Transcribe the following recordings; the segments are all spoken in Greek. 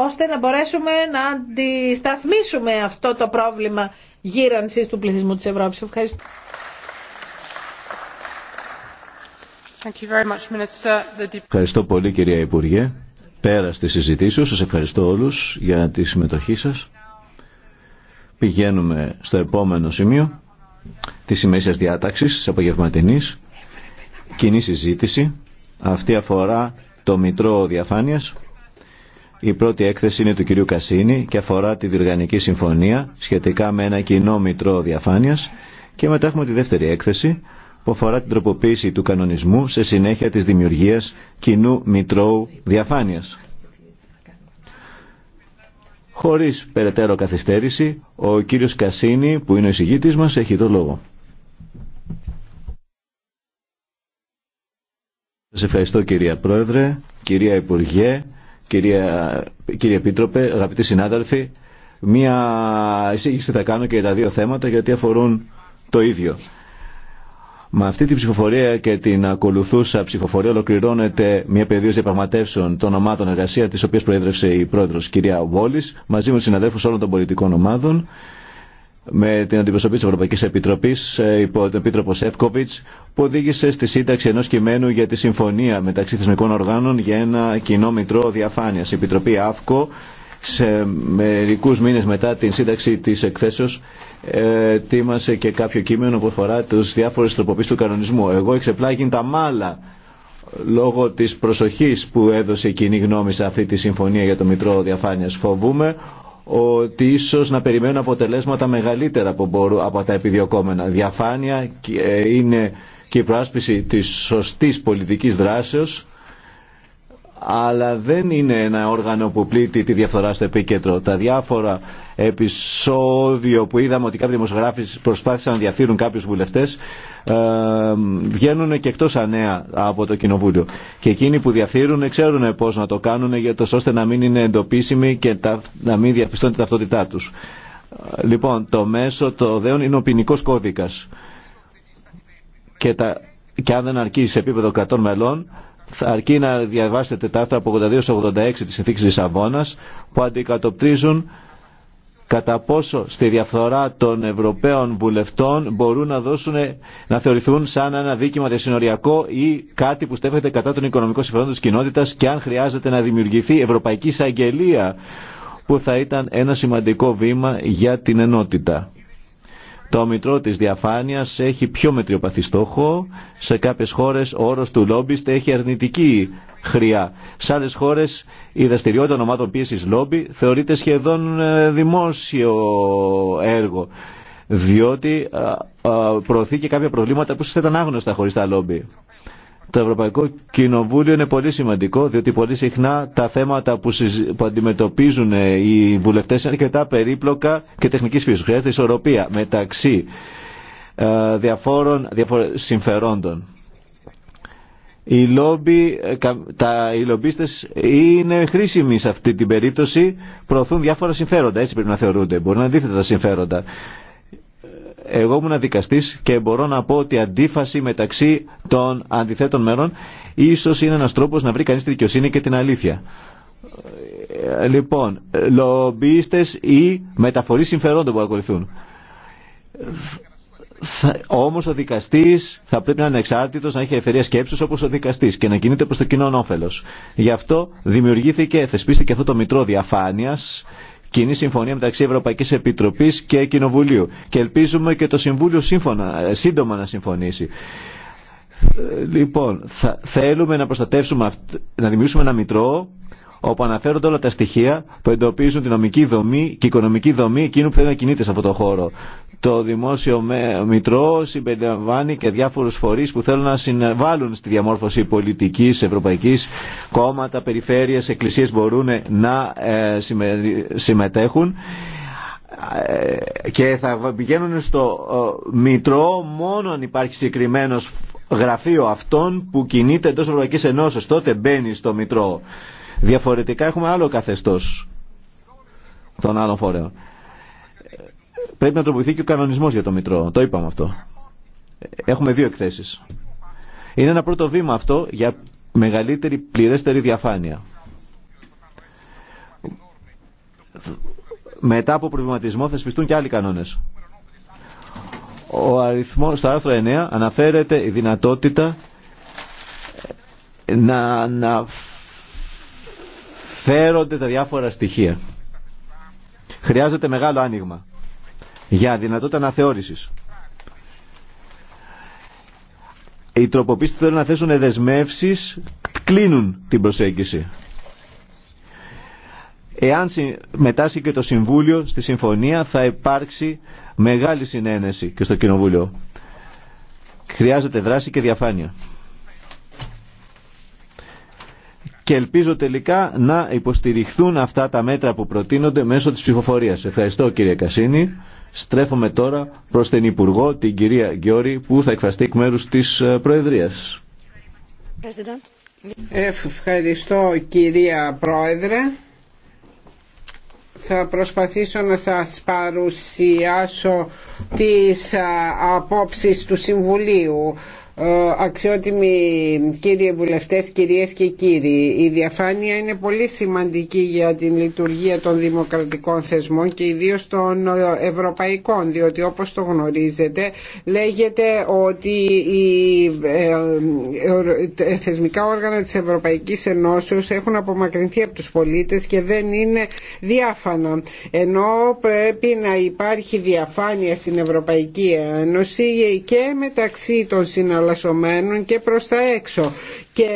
ώστε να μπορέσουμε να αντισταθμίσουμε αυτό το πρόβλημα γύρανσης του πληθυσμού της Ευρώπης. Ευχαριστώ. Ευχαριστώ πολύ κυρία Υπουργέ. Πέρα στη συζητήσεω, σας ευχαριστώ όλους για τη συμμετοχή σας. Πηγαίνουμε στο επόμενο σημείο της ημέρησιας διάταξης της απογευματινής. Κοινή συζήτηση. Αυτή αφορά το Μητρό Διαφάνειας. Η πρώτη έκθεση είναι του κυρίου Κασίνη και αφορά τη Διοργανική Συμφωνία σχετικά με ένα κοινό μητρό διαφάνειας και μετά έχουμε τη δεύτερη έκθεση που αφορά την τροποποίηση του κανονισμού σε συνέχεια της δημιουργίας κοινού μητρώου διαφάνειας. Χωρίς περαιτέρω καθυστέρηση, ο κύριος Κασίνη, που είναι ο εισηγήτης μας, έχει το λόγο. Σας ευχαριστώ κυρία Πρόεδρε, κυρία Υπουργέ, κυρία, κύριε Επίτροπε, αγαπητοί συνάδελφοι, μία εισήγηση θα κάνω και για τα δύο θέματα γιατί αφορούν το ίδιο. Με αυτή την ψηφοφορία και την ακολουθούσα ψηφοφορία ολοκληρώνεται μια πεδίο διαπραγματεύσεων των ομάδων εργασία, τη οποία προέδρευσε η πρόεδρο κυρία Βόλη, μαζί με του συναδέλφου όλων των πολιτικών ομάδων με την αντιπροσωπή τη Ευρωπαϊκή Επιτροπή, ε, υπό τον Επίτροπο Σεύκοβιτ, που οδήγησε στη σύνταξη ενό κειμένου για τη συμφωνία μεταξύ θεσμικών οργάνων για ένα κοινό μητρό διαφάνεια. Η Επιτροπή ΑΦΚΟ σε μερικού μήνε μετά την σύνταξη της εκθέσεως ε, τίμασε και κάποιο κείμενο που αφορά του διάφορου τροποποίησεις του κανονισμού. Εγώ εξεπλάγει τα μάλα λόγω της προσοχής που έδωσε η κοινή γνώμη σε αυτή τη συμφωνία για το Μητρό Διαφάνειας. Φοβούμε ότι ίσως να περιμένουν αποτελέσματα μεγαλύτερα από, από τα επιδιωκόμενα. Διαφάνεια ε, είναι και η προάσπιση της σωστής πολιτικής δράσεως αλλά δεν είναι ένα όργανο που πλήττει τη διαφθορά στο επίκεντρο. Τα διάφορα επεισόδια που είδαμε ότι κάποιοι δημοσιογράφοι προσπάθησαν να διαφύρουν κάποιους βουλευτές ε, βγαίνουν και εκτός ανέα από το Κοινοβούλιο. Και εκείνοι που διαφύρουν ξέρουν πώς να το κάνουν για το, ώστε να μην είναι εντοπίσιμοι και τα, να μην διαπιστώνουν την ταυτότητά τους. Λοιπόν, το μέσο το δέον είναι ο ποινικό κώδικας. Και, και αν δεν αρκεί σε επίπεδο 100 μελών, θα αρκεί να διαβάσετε τα άρθρα από 82-86 της συνθήκης Λισαβόνας που αντικατοπτρίζουν κατά πόσο στη διαφθορά των Ευρωπαίων βουλευτών μπορούν να, δώσουν, να θεωρηθούν σαν ένα δίκημα διασυνοριακό ή κάτι που στέφεται κατά των οικονομικών συμφερόντων της κοινότητας και αν χρειάζεται να δημιουργηθεί Ευρωπαϊκή Εισαγγελία που θα ήταν ένα σημαντικό βήμα για την ενότητα. Το μητρό της διαφάνειας έχει πιο μετριοπαθή στόχο. Σε κάποιες χώρες ο όρος του λόμπιστ έχει αρνητική χρειά. Σε άλλες χώρες η δραστηριότητα των ομάδων πίεσης λόμπι θεωρείται σχεδόν ε, δημόσιο έργο. Διότι ε, ε, προωθεί και κάποια προβλήματα που ήταν άγνωστα χωρίς τα λόμπι. Το Ευρωπαϊκό Κοινοβούλιο είναι πολύ σημαντικό, διότι πολύ συχνά τα θέματα που, αντιμετωπίζουν ε, οι βουλευτές είναι αρκετά περίπλοκα και τεχνικής φύσης. Χρειάζεται ισορροπία μεταξύ ε, διαφόρων, συμφερόντων. Οι, λόμπι, ε, τα, οι λομπίστες είναι χρήσιμοι σε αυτή την περίπτωση, προωθούν διάφορα συμφέροντα, έτσι πρέπει να θεωρούνται. Μπορεί να αντίθετα τα συμφέροντα. Εγώ ήμουν δικαστής και μπορώ να πω ότι η αντίφαση μεταξύ των αντιθέτων μέρων ίσως είναι ένας τρόπος να βρει κανείς τη δικαιοσύνη και την αλήθεια. Ε, λοιπόν, λομπίστε ή μεταφορεί συμφερόντων που ακολουθούν. Όμω όμως ο δικαστής θα πρέπει να είναι εξάρτητος, να έχει ελευθερία σκέψη όπως ο δικαστής και να κινείται προ το κοινό όφελο. Γι' αυτό δημιουργήθηκε, θεσπίστηκε αυτό το μητρό διαφάνεια κοινή συμφωνία μεταξύ Ευρωπαϊκή Επιτροπή και Κοινοβουλίου. Και ελπίζουμε και το Συμβούλιο σύμφωνα, ε, σύντομα να συμφωνήσει. Ε, λοιπόν, θα, θέλουμε να προστατεύσουμε, να δημιουργήσουμε ένα μητρό όπου αναφέρονται όλα τα στοιχεία που εντοπίζουν την νομική δομή και η οικονομική δομή εκείνου που θέλει να κινείται σε αυτό το χώρο. Το δημόσιο μητρό συμπεριλαμβάνει και διάφορους φορείς που θέλουν να συμβάλλουν στη διαμόρφωση πολιτικής, ευρωπαϊκής, κόμματα, περιφέρειες, εκκλησίες μπορούν να ε, συμμετέχουν ε, και θα πηγαίνουν στο ε, Μητρό μόνο αν υπάρχει συγκεκριμένο γραφείο αυτών που κινείται εντό Ευρωπαϊκή Ενώσης. Τότε μπαίνει στο Μητρό. Διαφορετικά έχουμε άλλο καθεστώς των άλλων φορέων. Πρέπει να τροποποιηθεί και ο κανονισμό για το Μητρό. Το είπαμε αυτό. Έχουμε δύο εκθέσει. Είναι ένα πρώτο βήμα αυτό για μεγαλύτερη, πληρέστερη διαφάνεια. Μετά από προβληματισμό θα σπιστούν και άλλοι κανόνες. Ο αριθμός, στο άρθρο 9 αναφέρεται η δυνατότητα να αναφέρονται τα διάφορα στοιχεία. Χρειάζεται μεγάλο άνοιγμα για δυνατότητα αναθεώρηση. Οι τροποποίησει που θέλουν να θέσουν δεσμεύσει κλείνουν την προσέγγιση. Εάν μετάσχει και το Συμβούλιο στη Συμφωνία θα υπάρξει μεγάλη συνένεση και στο Κοινοβούλιο. Χρειάζεται δράση και διαφάνεια. Και ελπίζω τελικά να υποστηριχθούν αυτά τα μέτρα που προτείνονται μέσω της ψηφοφορίας. Ευχαριστώ κύριε Κασίνη. Στρέφομαι τώρα προς την Υπουργό, την κυρία Γιώρη που θα εκφραστεί εκ μέρους της ε, Προεδρίας. Ευχαριστώ κυρία Πρόεδρε. Θα προσπαθήσω να σας παρουσιάσω τις ε, απόψεις του Συμβουλίου ε, αξιότιμοι κύριοι βουλευτές, κυρίες και κύριοι, η διαφάνεια είναι πολύ σημαντική για την λειτουργία των δημοκρατικών θεσμών και ιδίως των ε, ευρωπαϊκών, διότι όπως το γνωρίζετε λέγεται ότι οι ε, θεσμικά όργανα της Ευρωπαϊκής Ενώσεως έχουν απομακρυνθεί από τους πολίτες και δεν είναι διάφανα. Ενώ πρέπει να υπάρχει διαφάνεια στην Ευρωπαϊκή Ένωση και μεταξύ των συναλλαγών και προς τα έξω. Και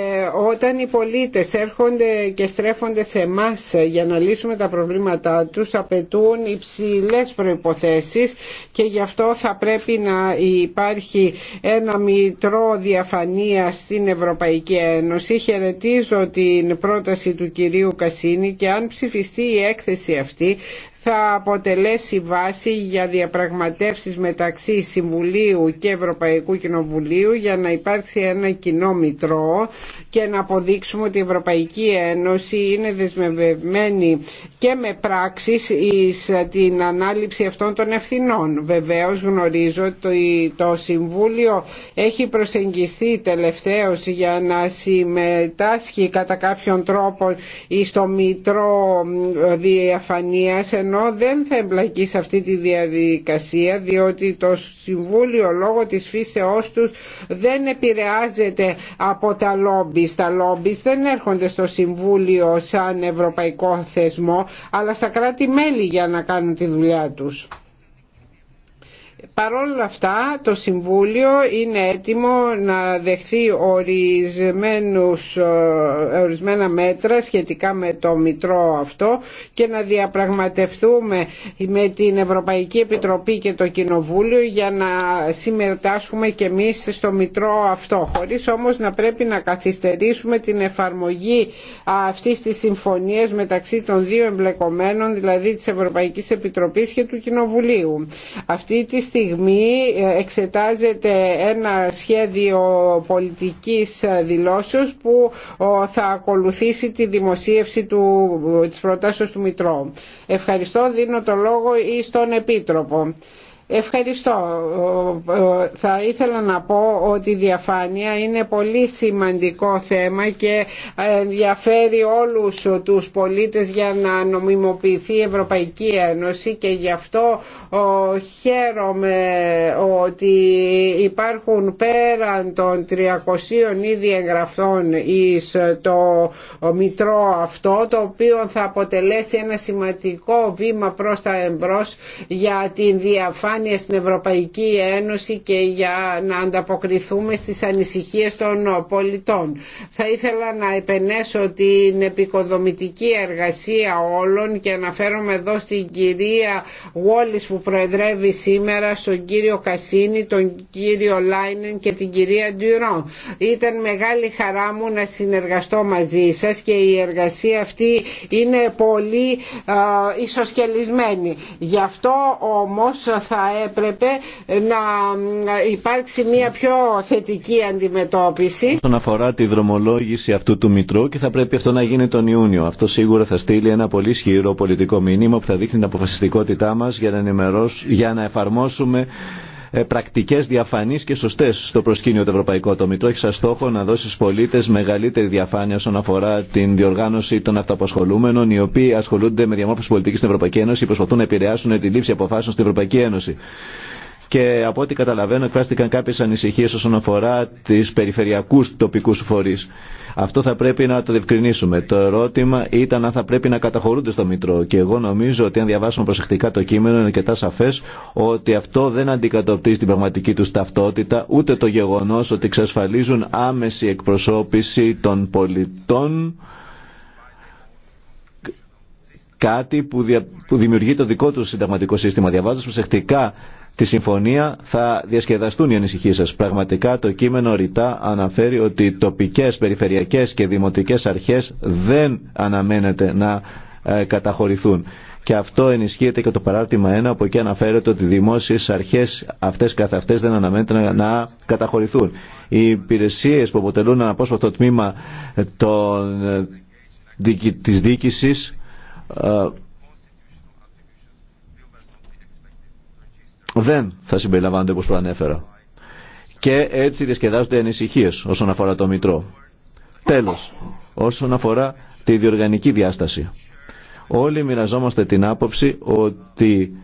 όταν οι πολίτες έρχονται και στρέφονται σε εμά για να λύσουμε τα προβλήματά τους απαιτούν υψηλές προϋποθέσεις και γι' αυτό θα πρέπει να υπάρχει ένα μητρό διαφανεία στην Ευρωπαϊκή Ένωση. Χαιρετίζω την πρόταση του κυρίου Κασίνη και αν ψηφιστεί η έκθεση αυτή θα αποτελέσει βάση για διαπραγματεύσεις μεταξύ Συμβουλίου και Ευρωπαϊκού Κοινοβουλίου για να υπάρξει ένα κοινό μητρό και να αποδείξουμε ότι η Ευρωπαϊκή Ένωση είναι δεσμευμένη και με πράξεις εις την ανάληψη αυτών των ευθυνών. Βεβαίως γνωρίζω ότι το Συμβούλιο έχει προσεγγιστεί τελευταίως για να συμμετάσχει κατά κάποιον τρόπο στο Μητρό Διαφανείας ενώ δεν θα εμπλακεί σε αυτή τη διαδικασία διότι το Συμβούλιο λόγω της φύσεώς τους δεν επηρεάζεται από τα λόμπι. Τα λόμπι δεν έρχονται στο Συμβούλιο σαν ευρωπαϊκό θεσμό αλλά στα κράτη-μέλη για να κάνουν τη δουλειά τους. Παρόλα αυτά το Συμβούλιο είναι έτοιμο να δεχθεί ορισμένους, ε, ορισμένα μέτρα σχετικά με το Μητρό αυτό και να διαπραγματευτούμε με την Ευρωπαϊκή Επιτροπή και το Κοινοβούλιο για να συμμετάσχουμε και εμείς στο Μητρό αυτό χωρίς όμως να πρέπει να καθυστερήσουμε την εφαρμογή αυτής της συμφωνίας μεταξύ των δύο εμπλεκομένων δηλαδή της Ευρωπαϊκής Επιτροπής και του Κοινοβουλίου. Αυτή στιγμή ε, εξετάζεται ένα σχέδιο πολιτικής δηλώσεως που θα ακολουθήσει τη δημοσίευση του, της προτάσεως του Μητρώου. Ευχαριστώ, δίνω το λόγο ή στον Επίτροπο. Ευχαριστώ. Ε, ε, θα ήθελα να πω ότι η διαφάνεια είναι πολύ σημαντικό θέμα και ε, ενδιαφέρει όλους τους πολίτες για να νομιμοποιηθεί η Ευρωπαϊκή Ένωση και γι' αυτό χαίρομαι ότι υπάρχουν πέραν των 300 ήδη εγγραφών εις το μητρό αυτό το οποίο θα αποτελέσει ένα σημαντικό βήμα προς τα εμπρός για την διαφάνεια στην Ευρωπαϊκή Ένωση και για να ανταποκριθούμε στις ανησυχίες των πολιτών. Θα ήθελα να επενέσω την επικοδομητική εργασία όλων και αναφέρομαι εδώ στην κυρία Γόλης που προεδρεύει σήμερα, στον κύριο Κασίνη, τον κύριο Λάινεν και την κυρία Ντουρόν. Ήταν μεγάλη χαρά μου να συνεργαστώ μαζί σας και η εργασία αυτή είναι πολύ ισοσκελισμένη. Γι' αυτό όμως θα θα έπρεπε να υπάρξει μια πιο θετική αντιμετώπιση. Στον αφορά τη δρομολόγηση αυτού του Μητρού και θα πρέπει αυτό να γίνει τον Ιούνιο. Αυτό σίγουρα θα στείλει ένα πολύ ισχυρό πολιτικό μήνυμα που θα δείχνει την αποφασιστικότητά μας για να, για να εφαρμόσουμε ε, πρακτικέ διαφανεί και σωστέ στο προσκήνιο του ευρωπαϊκό. Το Μητρό έχει σαν στόχο να δώσει στου πολίτε μεγαλύτερη διαφάνεια όσον αφορά την διοργάνωση των αυτοαπασχολούμενων, οι οποίοι ασχολούνται με διαμόρφωση πολιτική στην Ευρωπαϊκή Ένωση και προσπαθούν να επηρεάσουν τη λήψη αποφάσεων στην Ευρωπαϊκή Ένωση. Και από ό,τι καταλαβαίνω, εκφράστηκαν κάποιε ανησυχίε όσον αφορά τι περιφερειακού τοπικού φορεί. Αυτό θα πρέπει να το διευκρινίσουμε. Το ερώτημα ήταν αν θα πρέπει να καταχωρούνται στο Μητρό. Και εγώ νομίζω ότι αν διαβάσουμε προσεκτικά το κείμενο είναι αρκετά σαφέ ότι αυτό δεν αντικατοπτεί στην πραγματική του ταυτότητα ούτε το γεγονό ότι εξασφαλίζουν άμεση εκπροσώπηση των πολιτών κάτι που, δια, δημιουργεί το δικό του συνταγματικό σύστημα. Διαβάζοντα προσεκτικά τη συμφωνία θα διασκεδαστούν οι ανησυχίες σας. Πραγματικά το κείμενο ρητά αναφέρει ότι οι τοπικές, περιφερειακές και δημοτικές αρχές δεν αναμένεται να ε, καταχωρηθούν. Και αυτό ενισχύεται και το παράρτημα 1, όπου εκεί αναφέρεται ότι οι δημόσιε αρχέ αυτέ καθ' αυτέ δεν αναμένεται να καταχωρηθούν. Οι υπηρεσίε που αποτελούν ένα απόσπαστο τμήμα ε, τη ε, της δεν θα συμπεριλαμβάνονται όπως προανέφερα. Και έτσι διασκεδάζονται ανησυχίε όσον αφορά το Μητρό. Τέλος, όσον αφορά τη διοργανική διάσταση. Όλοι μοιραζόμαστε την άποψη ότι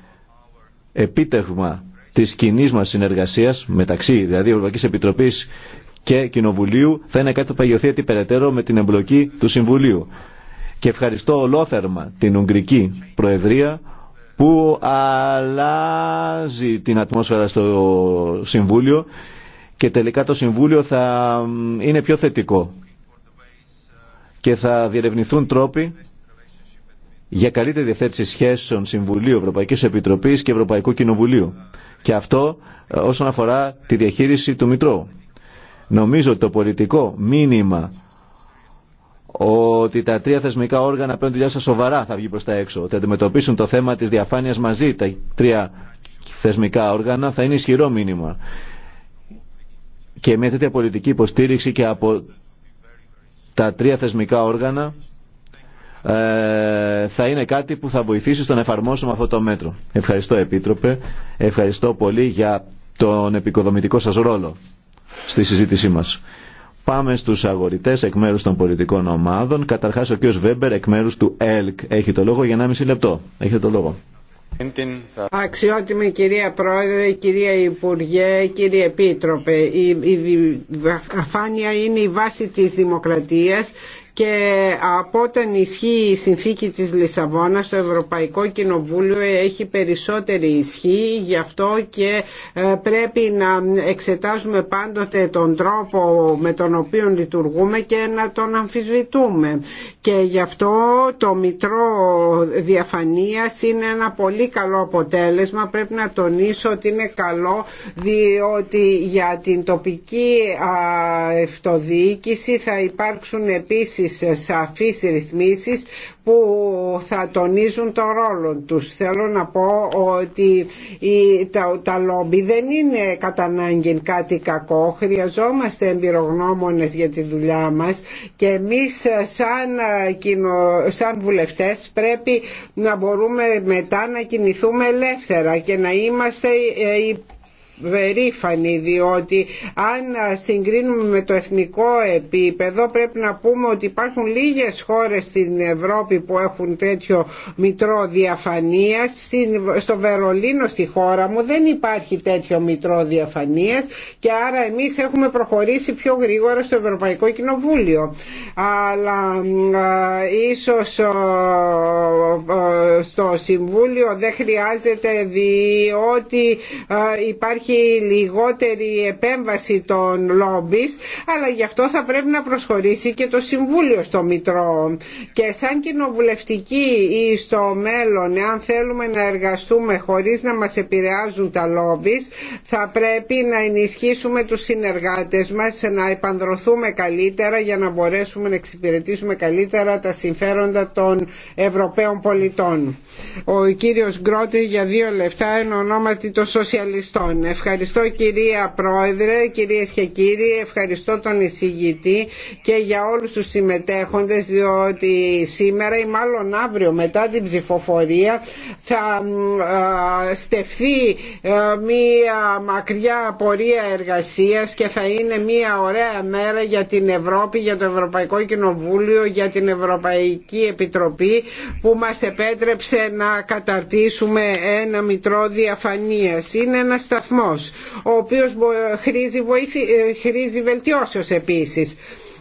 επίτευγμα της κοινή μα συνεργασίας μεταξύ δηλαδή Ευρωπαϊκής Επιτροπής και Κοινοβουλίου θα είναι κάτι που παγιωθεί περαιτέρω με την εμπλοκή του Συμβουλίου. Και ευχαριστώ ολόθερμα την Ουγγρική Προεδρία που αλλάζει την ατμόσφαιρα στο Συμβούλιο και τελικά το Συμβούλιο θα είναι πιο θετικό και θα διερευνηθούν τρόποι για καλύτερη διευθέτηση σχέσεων Συμβουλίου Ευρωπαϊκής Επιτροπής και Ευρωπαϊκού Κοινοβουλίου. Και αυτό ε, όσον αφορά τη διαχείριση του Μητρώου. Νομίζω ότι το πολιτικό μήνυμα ότι τα τρία θεσμικά όργανα παίρνουν δουλειά σα σοβαρά θα βγει προς τα έξω. Ότι αντιμετωπίσουν το θέμα της διαφάνειας μαζί τα τρία θεσμικά όργανα θα είναι ισχυρό μήνυμα. Και μια τέτοια πολιτική υποστήριξη και από τα τρία θεσμικά όργανα ε, θα είναι κάτι που θα βοηθήσει στο να εφαρμόσουμε αυτό το μέτρο. Ευχαριστώ Επίτροπε, ευχαριστώ πολύ για τον επικοδομητικό σας ρόλο στη συζήτησή μας. Πάμε στους αγορητέ εκ μέρου των πολιτικών ομάδων. Καταρχάς ο κ. Βέμπερ εκ μέρου του ΕΛΚ έχει το λόγο για 1,5 λεπτό. Έχετε το λόγο. Αξιότιμη κυρία Πρόεδρε, κυρία Υπουργέ, κύριε Επίτροπε, η, η, η αφάνεια είναι η βάση της δημοκρατίας και από όταν ισχύει η συνθήκη της Λισαβόνας το Ευρωπαϊκό Κοινοβούλιο έχει περισσότερη ισχύ γι' αυτό και ε, πρέπει να εξετάζουμε πάντοτε τον τρόπο με τον οποίο λειτουργούμε και να τον αμφισβητούμε και γι' αυτό το Μητρό Διαφανείας είναι ένα πολύ καλό αποτέλεσμα πρέπει να τονίσω ότι είναι καλό διότι για την τοπική αυτοδιοίκηση θα υπάρξουν επίσης τις ε, σαφείς ρυθμίσεις που θα τονίζουν το ρόλο τους. Θέλω να πω ότι τα, τα λόμπι δεν είναι κατά ανάγκη κάτι κακό. Χρειαζόμαστε εμπειρογνώμονες για τη δουλειά μας και εμείς ε, σαν, ε, κοινο, σαν βουλευτές πρέπει να μπορούμε μετά να κινηθούμε ελεύθερα και να είμαστε περήφανοι διότι αν συγκρίνουμε με το εθνικό επίπεδο πρέπει να πούμε ότι υπάρχουν λίγες χώρες στην Ευρώπη που έχουν τέτοιο μητρό διαφανείας στο Βερολίνο στη χώρα μου δεν υπάρχει τέτοιο μητρό διαφανείας και άρα εμείς έχουμε προχωρήσει πιο γρήγορα στο Ευρωπαϊκό Κοινοβούλιο αλλά ίσως στο Συμβούλιο δεν χρειάζεται διότι υπάρχει υπάρχει λιγότερη επέμβαση των λόμπι, αλλά γι' αυτό θα πρέπει να προσχωρήσει και το Συμβούλιο στο Μητρό και σαν κοινοβουλευτική ή στο μέλλον εάν θέλουμε να εργαστούμε χωρίς να μας επηρεάζουν τα λόμπι, θα πρέπει να ενισχύσουμε τους συνεργάτες μας να επανδρωθούμε καλύτερα για να μπορέσουμε να εξυπηρετήσουμε καλύτερα τα συμφέροντα των Ευρωπαίων πολιτών. Ο κύριο Γκρότη για δύο λεφτά εν ονόματι των σοσιαλιστών. Ευχαριστώ κυρία Πρόεδρε, κυρίες και κύριοι, ευχαριστώ τον εισηγητή και για όλους τους συμμετέχοντες διότι σήμερα ή μάλλον αύριο μετά την ψηφοφορία θα στεφθεί ε, μία μακριά πορεία εργασίας και θα είναι μία ωραία μέρα για την Ευρώπη, για το Ευρωπαϊκό Κοινοβούλιο, για την Ευρωπαϊκή Επιτροπή που μας επέτρεψε να καταρτήσουμε ένα μητρό διαφανείας. Είναι ένα σταθμό ο οποίος χρήζει, βοήθει, χρήζει επίσης.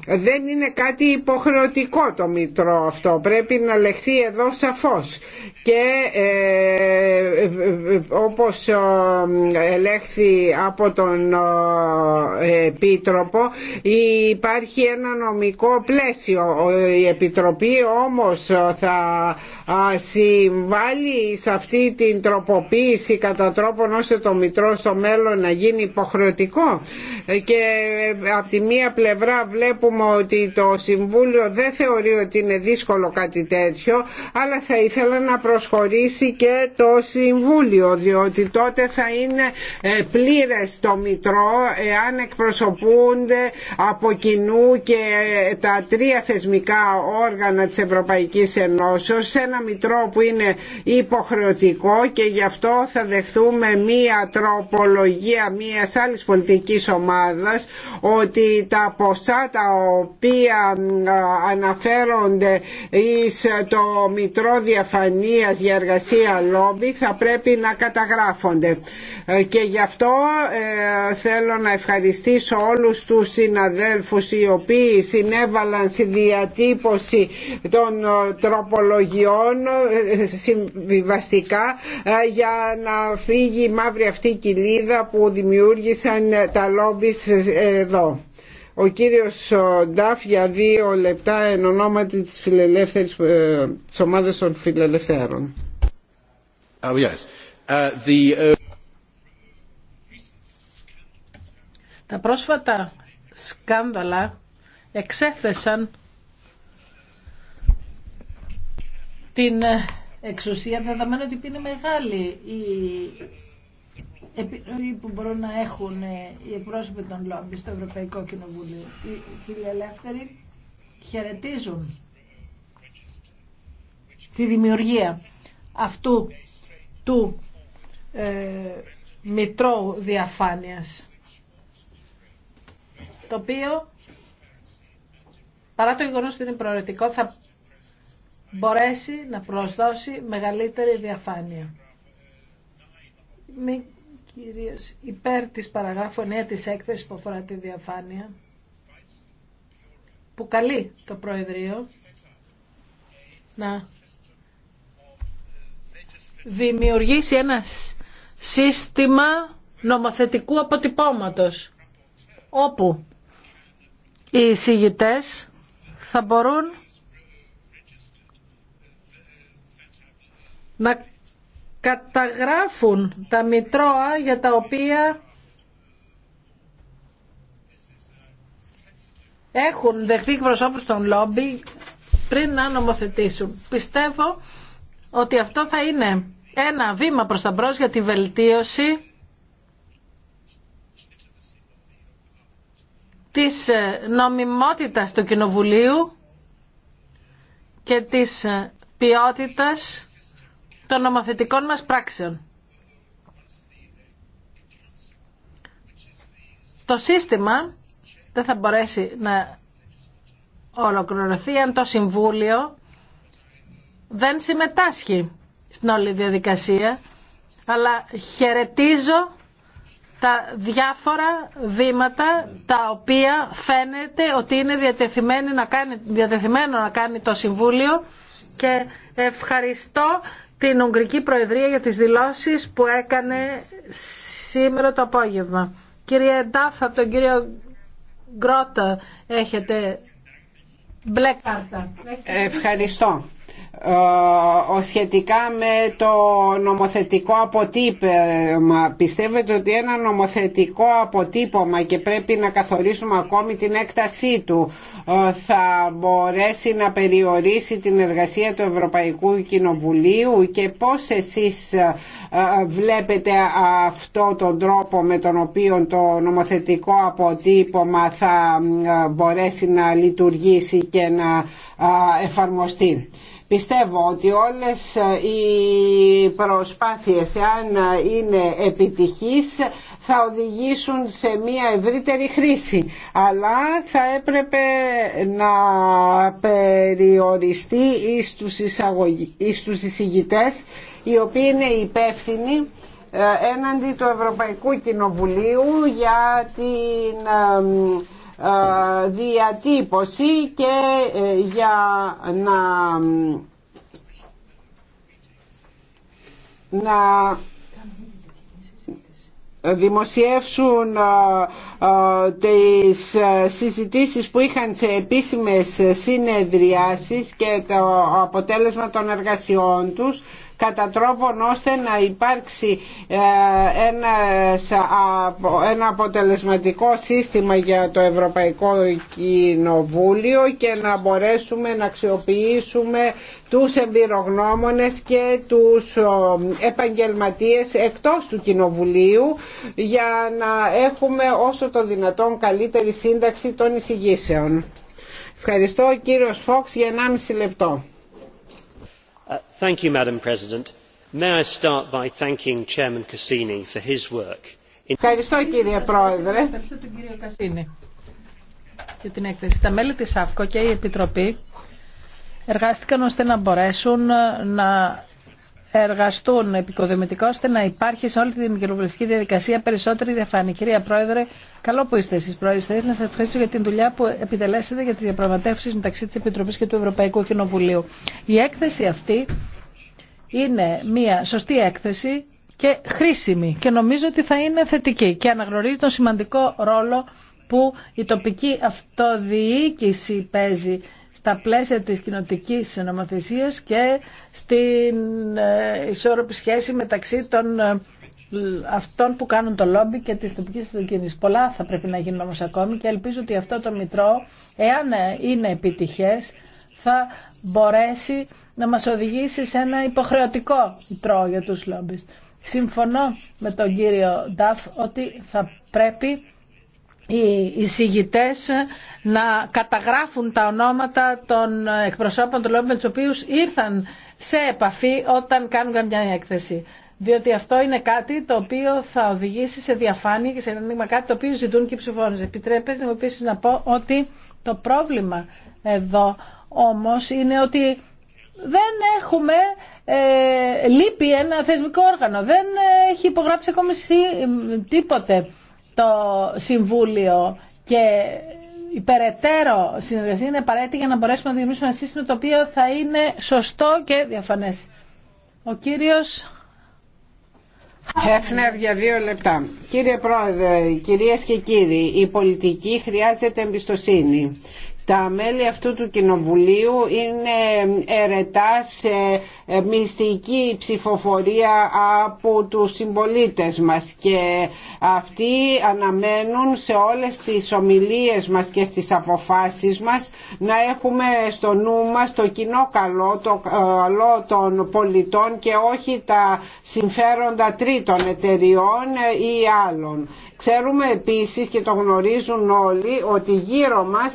Δεν είναι κάτι υποχρεωτικό το μητρό αυτό. Πρέπει να λεχθεί εδώ σαφώς. Και ε, όπως ε, ελέγχθη από τον ε, Επίτροπο υπάρχει ένα νομικό πλαίσιο. Η Επιτροπή όμως θα συμβάλλει σε αυτή την τροποποίηση κατά τρόπον ώστε το μητρό στο μέλλον να γίνει υποχρεωτικό. Και ε, από τη μία πλευρά βλέπουμε ότι το Συμβούλιο δεν θεωρεί ότι είναι δύσκολο κάτι τέτοιο αλλά θα ήθελα να προσχωρήσει και το Συμβούλιο διότι τότε θα είναι ε, πλήρες το Μητρό εάν εκπροσωπούνται από κοινού και ε, τα τρία θεσμικά όργανα της Ευρωπαϊκής Ενώσεως σε ένα Μητρό που είναι υποχρεωτικό και γι' αυτό θα δεχθούμε μία τροπολογία μίας άλλης πολιτικής ομάδας ότι τα ποσά τα οποία αναφέρονται εις το Μητρό Διαφανείας για εργασία λόμπι θα πρέπει να καταγράφονται ε, και γι' αυτό ε, θέλω να ευχαριστήσω όλους τους συναδέλφους οι οποίοι συνέβαλαν στη διατύπωση των ε, τροπολογιών συμβιβαστικά για να φύγει η μαύρη αυτή κοιλίδα που δημιούργησαν τα λόμπι εδώ. Ο κύριος Ντάφ για δύο λεπτά εν ονόματι της, φιλελεύθερης, ε, ομάδας των φιλελευθέρων. Oh, uh, uh, Τα πρόσφατα σκάνδαλα εξέθεσαν την ε, εξουσία δεδομένου ότι είναι μεγάλη η επιρροή που μπορούν να έχουν ε, οι εκπρόσωποι των λόμπι στο Ευρωπαϊκό Κοινοβούλιο. Οι φιλελεύθεροι χαιρετίζουν τη δημιουργία αυτού του ε, μητρώου διαφάνειας το οποίο παρά το γεγονός ότι είναι προαιρετικό θα μπορέσει να προσδώσει μεγαλύτερη διαφάνεια κύριες υπέρ της παραγράφου 9 της έκθεσης που αφορά τη διαφάνεια που καλεί το Προεδρείο να δημιουργήσει ένα σύστημα νομοθετικού αποτυπώματος όπου οι εισηγητές θα μπορούν να καταγράφουν τα μητρώα για τα οποία έχουν δεχθεί προσώπους των λόμπι πριν να νομοθετήσουν. Πιστεύω ότι αυτό θα είναι ένα βήμα προς τα μπρος για τη βελτίωση της νομιμότητας του Κοινοβουλίου και της ποιότητας των νομοθετικών μας πράξεων. Το σύστημα δεν θα μπορέσει να ολοκληρωθεί αν το Συμβούλιο δεν συμμετάσχει στην όλη διαδικασία, αλλά χαιρετίζω τα διάφορα βήματα τα οποία φαίνεται ότι είναι διατεθειμένο να κάνει, διατεθειμένο να κάνει το Συμβούλιο και ευχαριστώ την Ουγγρική Προεδρία για τις δηλώσεις που έκανε σήμερα το απόγευμα. Κύριε Ντάφ, από τον κύριο Γκρότα έχετε μπλε κάρτα. Ευχαριστώ. Ε, σχετικά με το νομοθετικό αποτύπωμα. Πιστεύετε ότι ένα νομοθετικό αποτύπωμα και πρέπει να καθορίσουμε ακόμη την έκτασή του ε, θα μπορέσει να περιορίσει την εργασία του Ευρωπαϊκού Κοινοβουλίου και πώς εσείς ε, βλέπετε αυτό τον τρόπο με τον οποίο το νομοθετικό αποτύπωμα θα μπορέσει να λειτουργήσει και να εφαρμοστεί. Πιστεύω ότι όλες ε, οι προσπάθειες, αν ε, είναι επιτυχείς, θα οδηγήσουν σε μια ευρύτερη χρήση. Αλλά θα έπρεπε να περιοριστεί εις τους εισηγητές, οι οποίοι είναι υπεύθυνοι ε, έναντι του Ευρωπαϊκού Κοινοβουλίου για την ε, διατύπωση και ε, για να να δημοσιεύσουν ε, τις συζητήσεις που είχαν σε επίσημες συνεδριάσεις και το αποτέλεσμα των εργασιών τους κατά τρόπον ώστε να υπάρξει ε, ένα αποτελεσματικό σύστημα για το Ευρωπαϊκό Κοινοβούλιο και να μπορέσουμε να αξιοποιήσουμε τους εμπειρογνώμονες και τους επαγγελματίες εκτός του Κοινοβουλίου για να έχουμε όσο το δυνατόν καλύτερη σύνταξη των εισηγήσεων. Ευχαριστώ κύριο Φόξ για 1,5 λεπτό. Ευχαριστώ κύριε Πρόεδρε. Ευχαριστώ τον κύριο Κασίνη για την έκθεση. Τα μέλη της ΑΦΚΟ και η Επιτροπή εργάστηκαν ώστε να μπορέσουν ε, να εργαστούν επικοδομητικά ώστε να υπάρχει σε όλη την κοινοβουλευτική διαδικασία περισσότερη διαφάνεια. Κυρία Πρόεδρε, καλό που είστε εσεί, Πρόεδρε. Θα ήθελα να σα ευχαριστήσω για την δουλειά που επιτελέσετε για τι διαπραγματεύσει μεταξύ τη Επιτροπή και του Ευρωπαϊκού Κοινοβουλίου. Η έκθεση αυτή είναι μια σωστή έκθεση και χρήσιμη και νομίζω ότι θα είναι θετική και αναγνωρίζει τον σημαντικό ρόλο που η τοπική αυτοδιοίκηση παίζει στα πλαίσια της κοινοτική νομοθεσίας και στην ε, ισόρροπη σχέση μεταξύ των ε, αυτών που κάνουν το λόμπι και της τοπικής αυτοκίνησης. Πολλά θα πρέπει να γίνουν όμως ακόμη και ελπίζω ότι αυτό το Μητρό, εάν ε, είναι επιτυχές, θα μπορέσει να μας οδηγήσει σε ένα υποχρεωτικό Μητρό για τους λόμπις. Συμφωνώ με τον κύριο Νταφ ότι θα πρέπει οι εισηγητές να καταγράφουν τα ονόματα των εκπροσώπων των λόγων με τους οποίους ήρθαν σε επαφή όταν κάνουν καμιά έκθεση. Διότι αυτό είναι κάτι το οποίο θα οδηγήσει σε διαφάνεια και σε ανοίγμα κάτι το οποίο ζητούν και οι ψηφοφόρες. Επιτρέπεστε μου επίσης να πω ότι το πρόβλημα εδώ όμως είναι ότι δεν έχουμε ε, λείπει ένα θεσμικό όργανο. Δεν έχει υπογράψει ακόμη ε, τίποτε το Συμβούλιο και η περαιτέρω συνεργασία είναι απαραίτητη για να μπορέσουμε να δημιουργήσουμε ένα σύστημα το οποίο θα είναι σωστό και διαφανές. Ο κύριος Χέφνερ για δύο λεπτά. Κύριε Πρόεδρε, κυρίες και κύριοι, η πολιτική χρειάζεται εμπιστοσύνη. Τα μέλη αυτού του κοινοβουλίου είναι ερετά σε ε, μυστική ψηφοφορία από τους συμπολίτε μας και αυτοί αναμένουν σε όλες τις ομιλίες μας και στις αποφάσεις μας να έχουμε στο νου μας το κοινό καλό, το ε, καλό των πολιτών και όχι τα συμφέροντα τρίτων εταιριών ε, ή άλλων. Ξέρουμε επίσης και το γνωρίζουν όλοι ότι γύρω μας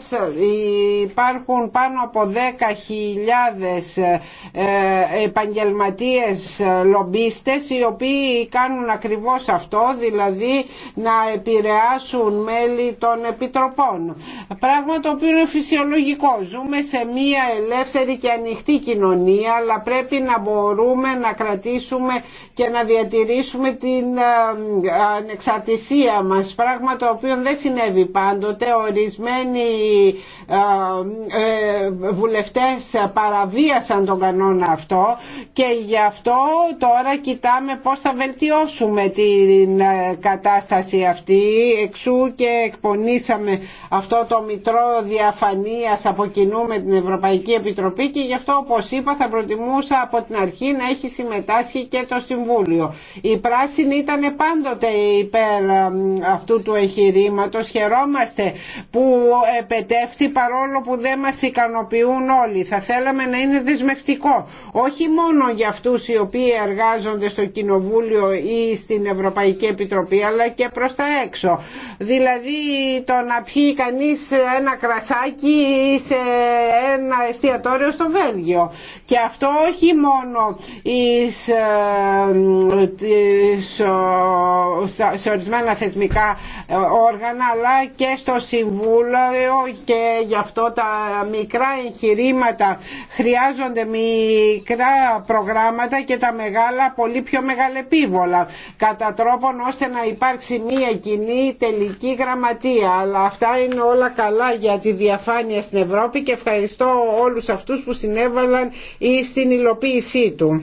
υπάρχουν πάνω από 10.000 ε, επαγγελματίες ε, λομπίστες οι οποίοι κάνουν ακριβώς αυτό, δηλαδή να επηρεάσουν μέλη των επιτροπών. Πράγμα το οποίο είναι φυσιολογικό. Ζούμε σε μία ελεύθερη και ανοιχτή κοινωνία, αλλά πρέπει να μπορούμε να κρατήσουμε και να διατηρήσουμε την ε, ανεξαρτησία μας. Πράγμα το οποίο δεν συνέβη πάντοτε. Ορισμένοι ε, ε, βουλευτές παραβίασαν τον κανόνα αυτό και γι' αυτό τώρα κοιτάμε πώς θα βελτιώσουμε την ε, κατάσταση αυτή εξού και εκπονήσαμε αυτό το μητρό διαφανείας από κοινού με την Ευρωπαϊκή Επιτροπή και γι' αυτό όπως είπα θα προτιμούσα από την αρχή να έχει συμμετάσχει και το Συμβούλιο. Η πράσινη ήταν πάντοτε υπέρ αυτού του εγχειρήματο. Χαιρόμαστε που παρόλο που δεν μας ικανοποιούν όλοι. Θα θέλαμε να είναι δεσμευτικό, όχι μόνο για αυτούς οι οποίοι εργάζονται στο Κοινοβούλιο ή στην Ευρωπαϊκή Επιτροπή, αλλά και προς τα έξω. Δηλαδή το να πιει κανείς ένα κρασάκι σε ένα εστιατόριο στο Βέλγιο. Και αυτό όχι μόνο εις, ε, σε ορισμένα θεσμικά ε, όργανα, αλλά και στο Συμβούλιο και γι' αυτό τα μικρά εγχειρήματα χρειάζονται μικρά προγράμματα και τα μεγάλα πολύ πιο μεγαλεπίβολα κατά τρόπον ώστε να υπάρξει μία κοινή τελική γραμματεία αλλά αυτά είναι όλα καλά για τη διαφάνεια στην Ευρώπη και ευχαριστώ όλους αυτούς που συνέβαλαν στην υλοποίησή του.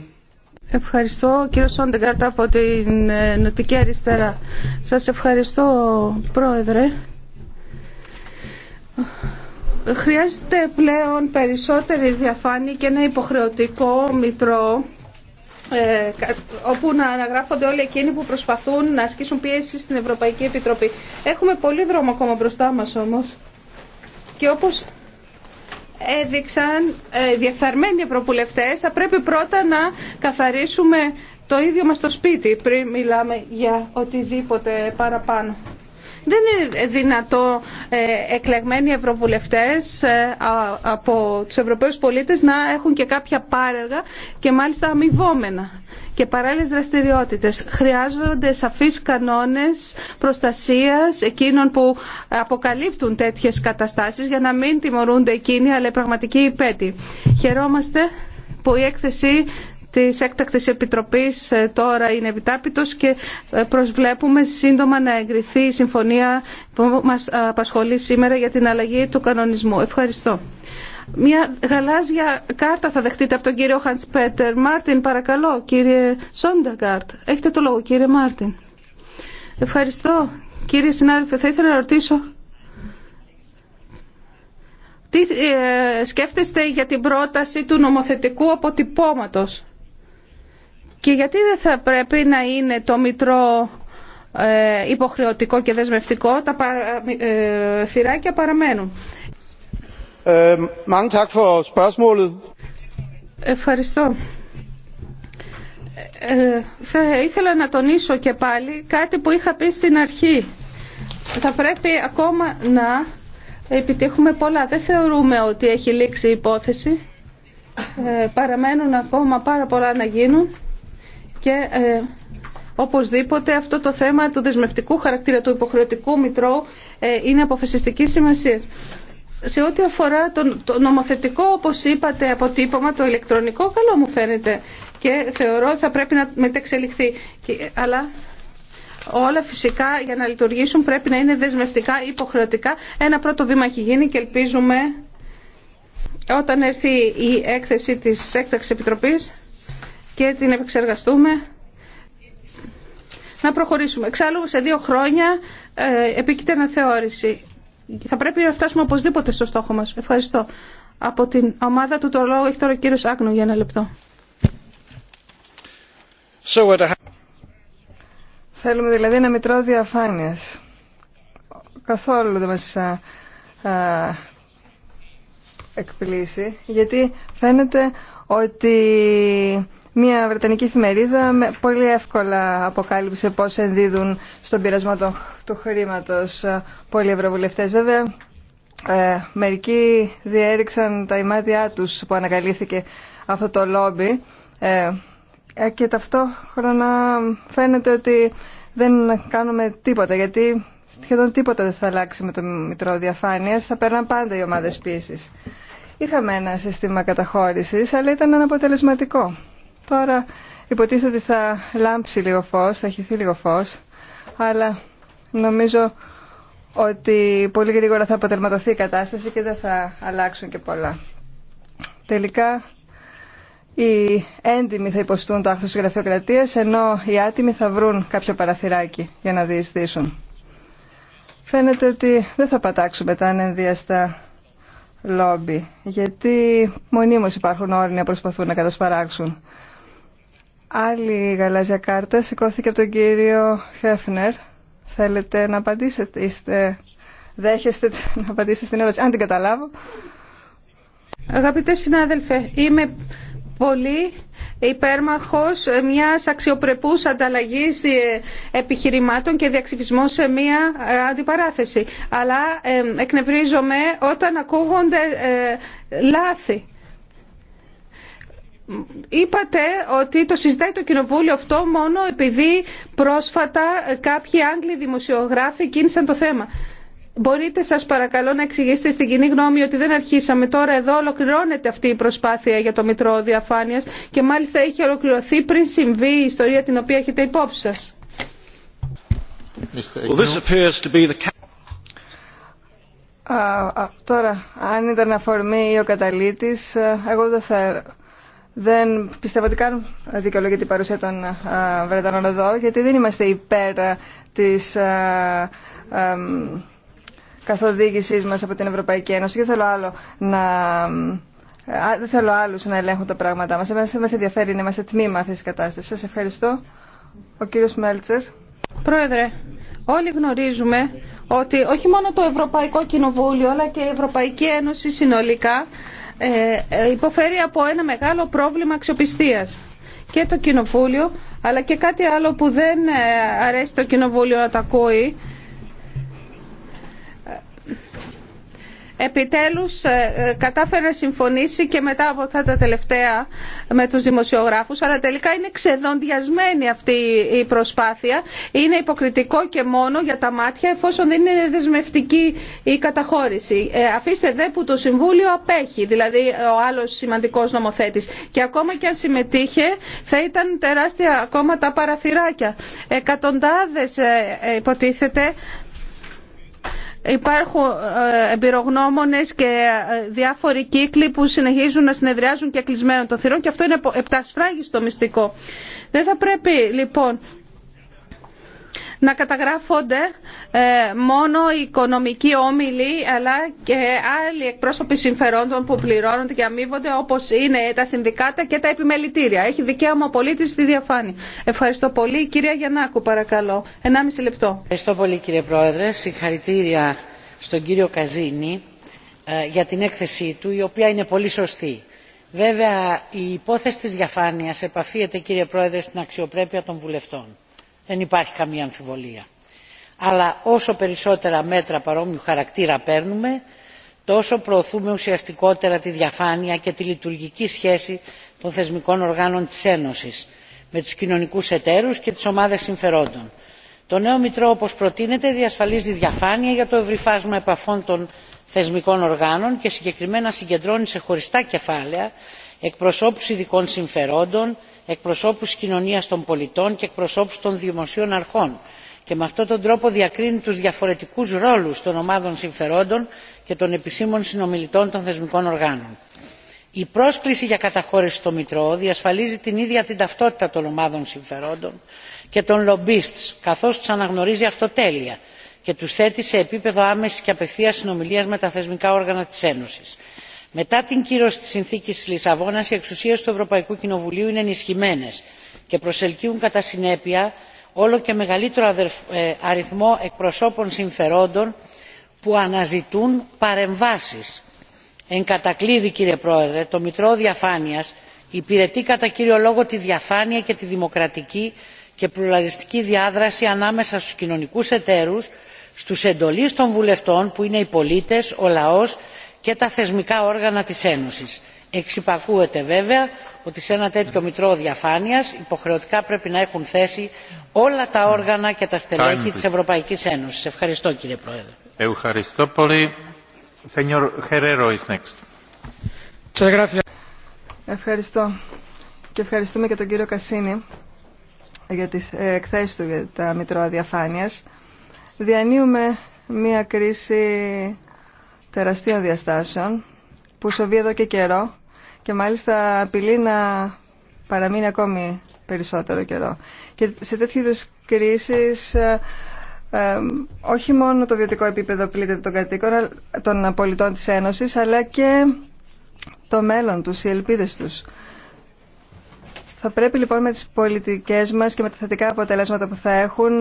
Ευχαριστώ κύριο Σόντεγκάρτα από την ε, Νοτική Αριστερά. Σας ευχαριστώ πρόεδρε. Χρειάζεται πλέον περισσότερη διαφάνεια και ένα υποχρεωτικό μητρό ε, όπου να αναγράφονται όλοι εκείνοι που προσπαθούν να ασκήσουν πίεση στην Ευρωπαϊκή Επιτροπή. Έχουμε πολύ δρόμο ακόμα μπροστά μας όμως και όπως έδειξαν ε, διεφθαρμένοι ευρωπουλευτές θα πρέπει πρώτα να καθαρίσουμε το ίδιο μας το σπίτι πριν μιλάμε για οτιδήποτε παραπάνω. Δεν είναι δυνατό ε, εκλεγμένοι ευρωβουλευτές ε, από τους Ευρωπαίους πολίτες να έχουν και κάποια πάρεργα και μάλιστα αμοιβόμενα και παράλληλες δραστηριότητες. Χρειάζονται σαφείς κανόνες προστασίας εκείνων που αποκαλύπτουν τέτοιες καταστάσεις για να μην τιμωρούνται εκείνοι αλλά οι πραγματικοί υπέτη. Χαιρόμαστε που η έκθεση τη έκτακτη Επιτροπή ε, τώρα είναι επιτάπητο και ε, προσβλέπουμε σύντομα να εγκριθεί η συμφωνία που μας απασχολεί σήμερα για την αλλαγή του κανονισμού. Ευχαριστώ. Μια γαλάζια κάρτα θα δεχτείτε από τον κύριο Χαντ Πέτερ. Μάρτιν, παρακαλώ, κύριε Σόνταγκάρτ. Έχετε το λόγο, κύριε Μάρτιν. Ευχαριστώ. Κύριε συνάδελφε, θα ήθελα να ρωτήσω τι ε, σκέφτεστε για την πρόταση του νομοθετικού αποτυπώματος. Και γιατί δεν θα πρέπει να είναι το μητρό ε, υποχρεωτικό και δεσμευτικό, τα ε, θυράκια παραμένουν. Ε, Ευχαριστώ. Ε, θα ήθελα να τονίσω και πάλι κάτι που είχα πει στην αρχή. Θα πρέπει ακόμα να επιτύχουμε πολλά. Δεν θεωρούμε ότι έχει λήξει η υπόθεση. Ε, παραμένουν ακόμα πάρα πολλά να γίνουν και ε, οπωσδήποτε αυτό το θέμα του δεσμευτικού χαρακτήρα του υποχρεωτικού μητρώου ε, είναι αποφασιστική σημασία. Σε ό,τι αφορά το, νομοθετικό, όπως είπατε, αποτύπωμα, το ηλεκτρονικό, καλό μου φαίνεται και θεωρώ θα πρέπει να μετεξελιχθεί. Και, αλλά όλα φυσικά για να λειτουργήσουν πρέπει να είναι δεσμευτικά ή υποχρεωτικά. Ένα πρώτο βήμα έχει γίνει και ελπίζουμε όταν έρθει η έκθεση της έκταξης επιτροπής και την επεξεργαστούμε να προχωρήσουμε. Εξάλλου σε δύο χρόνια ε, επίκειται θέωρηση. Θα πρέπει να φτάσουμε οπωσδήποτε στο στόχο μας. Ευχαριστώ. Από την ομάδα του το λόγο έχει τώρα ο κύριος Άγνου για ένα λεπτό. Θέλουμε δηλαδή ένα μητρό διαφάνεια. Καθόλου δεν μας α, εκπλήσει, γιατί φαίνεται ότι μια βρετανική εφημερίδα με πολύ εύκολα αποκάλυψε πώς ενδίδουν στον πειρασμό του χρήματος ε, πολλοί ευρωβουλευτές. Βέβαια, ε, μερικοί διέριξαν τα ημάτια τους που ανακαλύφθηκε αυτό το λόμπι ε, ε, και ταυτόχρονα φαίνεται ότι δεν κάνουμε τίποτα γιατί σχεδόν τίποτα δεν θα αλλάξει με το Μητρό Διαφάνειας, θα παίρναν πάντα οι ομάδες πίεσης. Είχαμε ένα σύστημα καταχώρησης, αλλά ήταν αναποτελεσματικό. Τώρα υποτίθεται ότι θα λάμψει λίγο φως, θα χυθεί λίγο φως, αλλά νομίζω ότι πολύ γρήγορα θα αποτελματωθεί η κατάσταση και δεν θα αλλάξουν και πολλά. Τελικά οι έντιμοι θα υποστούν το άχθος της γραφειοκρατίας, ενώ οι άτιμοι θα βρουν κάποιο παραθυράκι για να διεισδύσουν. Φαίνεται ότι δεν θα πατάξουμε τα ανενδίαστα λόμπι, γιατί μονίμως υπάρχουν όροι να προσπαθούν να κατασπαράξουν άλλη γαλάζια κάρτα σηκώθηκε από τον κύριο Χέφνερ. Θέλετε να απαντήσετε, είστε... Δέχεστε να απαντήσετε στην ερώτηση, αν την καταλάβω. Αγαπητέ συνάδελφε, είμαι πολύ υπέρμαχος μιας αξιοπρεπούς ανταλλαγής ε, επιχειρημάτων και διαξυφισμό σε μια ε, αντιπαράθεση. Αλλά ε, εκνευρίζομαι όταν ακούγονται λάθη. Είπατε ότι το συζητάει το κοινοβούλιο αυτό μόνο επειδή πρόσφατα κάποιοι Άγγλοι δημοσιογράφοι κίνησαν το θέμα. Μπορείτε σας παρακαλώ να εξηγήσετε στην κοινή γνώμη ότι δεν αρχίσαμε τώρα εδώ, ολοκληρώνεται αυτή η προσπάθεια για το Μητρό Διαφάνειας και μάλιστα έχει ολοκληρωθεί πριν συμβεί η ιστορία την οποία έχετε υπόψη σας. τώρα, αν ήταν αφορμή ή ο καταλήτης, ε, εγώ δεν θα δεν πιστεύω ότι καν δικαιολογεί την παρουσία των Βρετανών εδώ, γιατί δεν είμαστε υπέρ τη καθοδήγησή μα από την Ευρωπαϊκή Ένωση. Δεν θέλω άλλο να... θέλω άλλους να ελέγχουν τα πράγματά μας. Εμάς μας ενδιαφέρει να είμαστε τμήμα αυτής της κατάστασης. Σας ευχαριστώ. Ο κύριος Μέλτσερ. Πρόεδρε, όλοι γνωρίζουμε ότι όχι μόνο το Ευρωπαϊκό Κοινοβούλιο αλλά και η Ευρωπαϊκή Ένωση συνολικά ε, ε, υποφέρει από ένα μεγάλο πρόβλημα αξιοπιστίας και το κοινοβούλιο αλλά και κάτι άλλο που δεν ε, αρέσει το κοινοβούλιο να τα ακούει επιτέλους ε, ε, κατάφερε να συμφωνήσει και μετά από αυτά τα τελευταία με τους δημοσιογράφους, αλλά τελικά είναι ξεδοντιασμένη αυτή η προσπάθεια. Είναι υποκριτικό και μόνο για τα μάτια εφόσον δεν είναι δεσμευτική η καταχώρηση. Ε, αφήστε δε που το Συμβούλιο απέχει, δηλαδή ο άλλος σημαντικός νομοθέτης. Και ακόμα και αν συμμετείχε θα ήταν τεράστια ακόμα τα παραθυράκια. Εκατοντάδες υποτίθεται Υπάρχουν ε, εμπειρογνώμονες και ε, διάφοροι κύκλοι που συνεχίζουν να συνεδριάζουν και κλεισμένο το θυρών και αυτό είναι επτασφράγιστο μυστικό. Δεν θα πρέπει λοιπόν να καταγράφονται ε, μόνο οι οικονομικοί όμιλοι αλλά και άλλοι εκπρόσωποι συμφερόντων που πληρώνονται και αμείβονται όπως είναι τα συνδικάτα και τα επιμελητήρια. Έχει δικαίωμα ο πολίτη στη διαφάνεια. Ευχαριστώ πολύ. Κυρία Γιαννάκου παρακαλώ. 1,5 λεπτό. Ευχαριστώ πολύ κύριε Πρόεδρε. Συγχαρητήρια στον κύριο Καζίνη ε, για την έκθεσή του η οποία είναι πολύ σωστή. Βέβαια η υπόθεση της διαφάνειας επαφίεται κύριε Πρόεδρε στην αξιοπρέπεια των βουλευτών δεν υπάρχει καμία αμφιβολία. Αλλά όσο περισσότερα μέτρα παρόμοιου χαρακτήρα παίρνουμε, τόσο προωθούμε ουσιαστικότερα τη διαφάνεια και τη λειτουργική σχέση των θεσμικών οργάνων της Ένωσης με τους κοινωνικούς εταίρους και τις ομάδες συμφερόντων. Το νέο Μητρό, όπως προτείνεται, διασφαλίζει διαφάνεια για το ευρυφάσμα επαφών των θεσμικών οργάνων και συγκεκριμένα συγκεντρώνει σε χωριστά κεφάλαια εκπροσώπους ειδικών συμφερόντων εκπροσώπους κοινωνίας των πολιτών και εκπροσώπους των δημοσίων αρχών και με αυτόν τον τρόπο διακρίνει τους διαφορετικούς ρόλους των ομάδων συμφερόντων και των επισήμων συνομιλητών των θεσμικών οργάνων. η πρόσκληση για καταχώρηση στο μητρό διασφαλίζει την ίδια την ταυτότητα των ομάδων συμφερόντων και των λομπίστ, καθώς τους αναγνωρίζει αυτοτέλεια και τους θέτει σε επίπεδο άμεσης και απευθείας συνομιλίας με τα θεσμικά όργανα τη Ένωση μετά την κύρωση της συνθήκης της λισαβόνας οι εξουσίες του ευρωπαϊκού κοινοβουλίου είναι ενισχυμένες και προσελκύουν κατά συνέπεια όλο και μεγαλύτερο ε, αριθμό εκπροσώπων συμφερόντων που αναζητούν παρεμβάσεις. εν κατακλείδη κύριε πρόεδρε το μητρό διαφάνειας υπηρετεί κατά κύριο λόγο τη διαφάνεια και τη δημοκρατική και πλουραλιστική διάδραση ανάμεσα στους κοινωνικούς εταίρους στους εντολείς των βουλευτών που είναι οι πολίτες ο λαός και τα θεσμικά όργανα της ένωσης. εξυπακούεται βέβαια ότι σε ένα τέτοιο μητρό διαφάνειας υποχρεωτικά πρέπει να έχουν θέση όλα τα mm. όργανα και τα στελέχη της ευρωπαϊκής ένωσης. ευχαριστώ κύριε πρόεδρε. Ευχαριστώ πολύ. Ευχαριστώ. Και ευχαριστούμε και τον κύριο Κασίνη για τις ε, εκθέσεις του για τα Μητρώα Διαφάνειας. Διανύουμε μία κρίση τεραστίων διαστάσεων που σοβεί εδώ και καιρό και μάλιστα απειλεί να παραμείνει ακόμη περισσότερο καιρό. Και σε τέτοιου είδου κρίσει ε, ε, όχι μόνο το βιωτικό επίπεδο πλήττεται των κατοίκων, των πολιτών της Ένωσης, αλλά και το μέλλον τους, οι ελπίδες τους. Θα πρέπει λοιπόν με τις πολιτικές μας και με τα θετικά αποτελέσματα που θα έχουν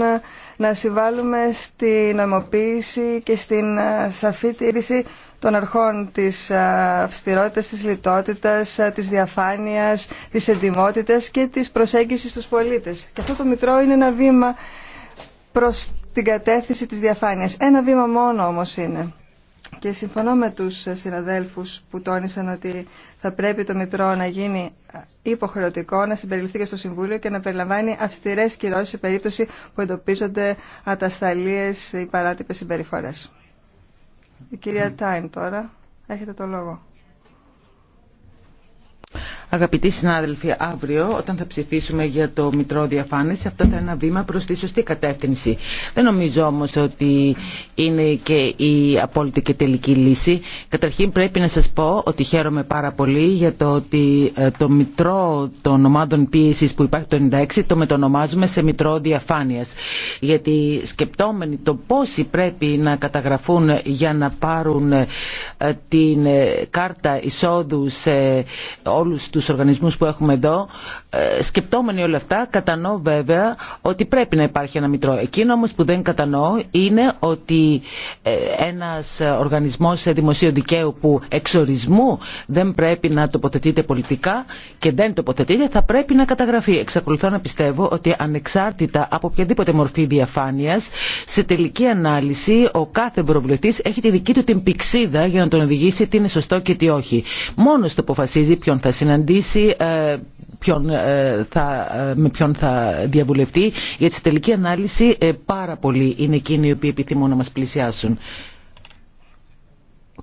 να συμβάλλουμε στη νομοποίηση και στην σαφή τήρηση των αρχών της αυστηρότητας, της λιτότητας, της διαφάνειας, της εντιμότητας και της προσέγγισης στους πολίτες. Και αυτό το Μητρό είναι ένα βήμα προς την κατεύθυνση της διαφάνειας. Ένα βήμα μόνο όμως είναι. Και συμφωνώ με τους συναδέλφους που τόνισαν ότι θα πρέπει το Μητρό να γίνει υποχρεωτικό, να συμπεριληφθεί και στο Συμβούλιο και να περιλαμβάνει αυστηρές κυρώσεις σε περίπτωση που εντοπίζονται ατασταλίες ή παράτυπες συμπεριφορές. Η κυρία Τάιν τώρα, έχετε το λόγο. Αγαπητοί συνάδελφοι, αύριο όταν θα ψηφίσουμε για το Μητρό διαφάνεια. αυτό θα είναι ένα βήμα προς τη σωστή κατεύθυνση. Δεν νομίζω όμως ότι είναι και η απόλυτη και τελική λύση. Καταρχήν πρέπει να σας πω ότι χαίρομαι πάρα πολύ για το ότι ε, το Μητρό των Ομάδων Πίεσης που υπάρχει το 1996 το μετονομάζουμε σε Μητρό διαφάνεια. Γιατί σκεπτόμενοι το πόσοι πρέπει να καταγραφούν για να πάρουν ε, την ε, κάρτα εισόδου σε όλους τους οργανισμούς που έχουμε εδώ, ε, σκεπτόμενοι όλα αυτά, κατανοώ βέβαια ότι πρέπει να υπάρχει ένα μητρό. Εκείνο όμως που δεν κατανοώ είναι ότι ε, ένας οργανισμός δημοσίου δικαίου που εξορισμού δεν πρέπει να τοποθετείται πολιτικά και δεν τοποθετείται θα πρέπει να καταγραφεί. Εξακολουθώ να πιστεύω ότι ανεξάρτητα από οποιαδήποτε μορφή διαφάνειας, σε τελική ανάλυση ο κάθε ευρωβουλευτής έχει τη δική του την πηξίδα για να τον οδηγήσει τι είναι σωστό και τι όχι. Μόνος το αποφασίζει ποιον θα συναντήσει ε, ποιον ε, θα, ε, με ποιον θα διαβουλευτεί, γιατί στη τελική ανάλυση πάρα πολλοί είναι εκείνοι οι οποίοι επιθυμούν να μας πλησιάσουν.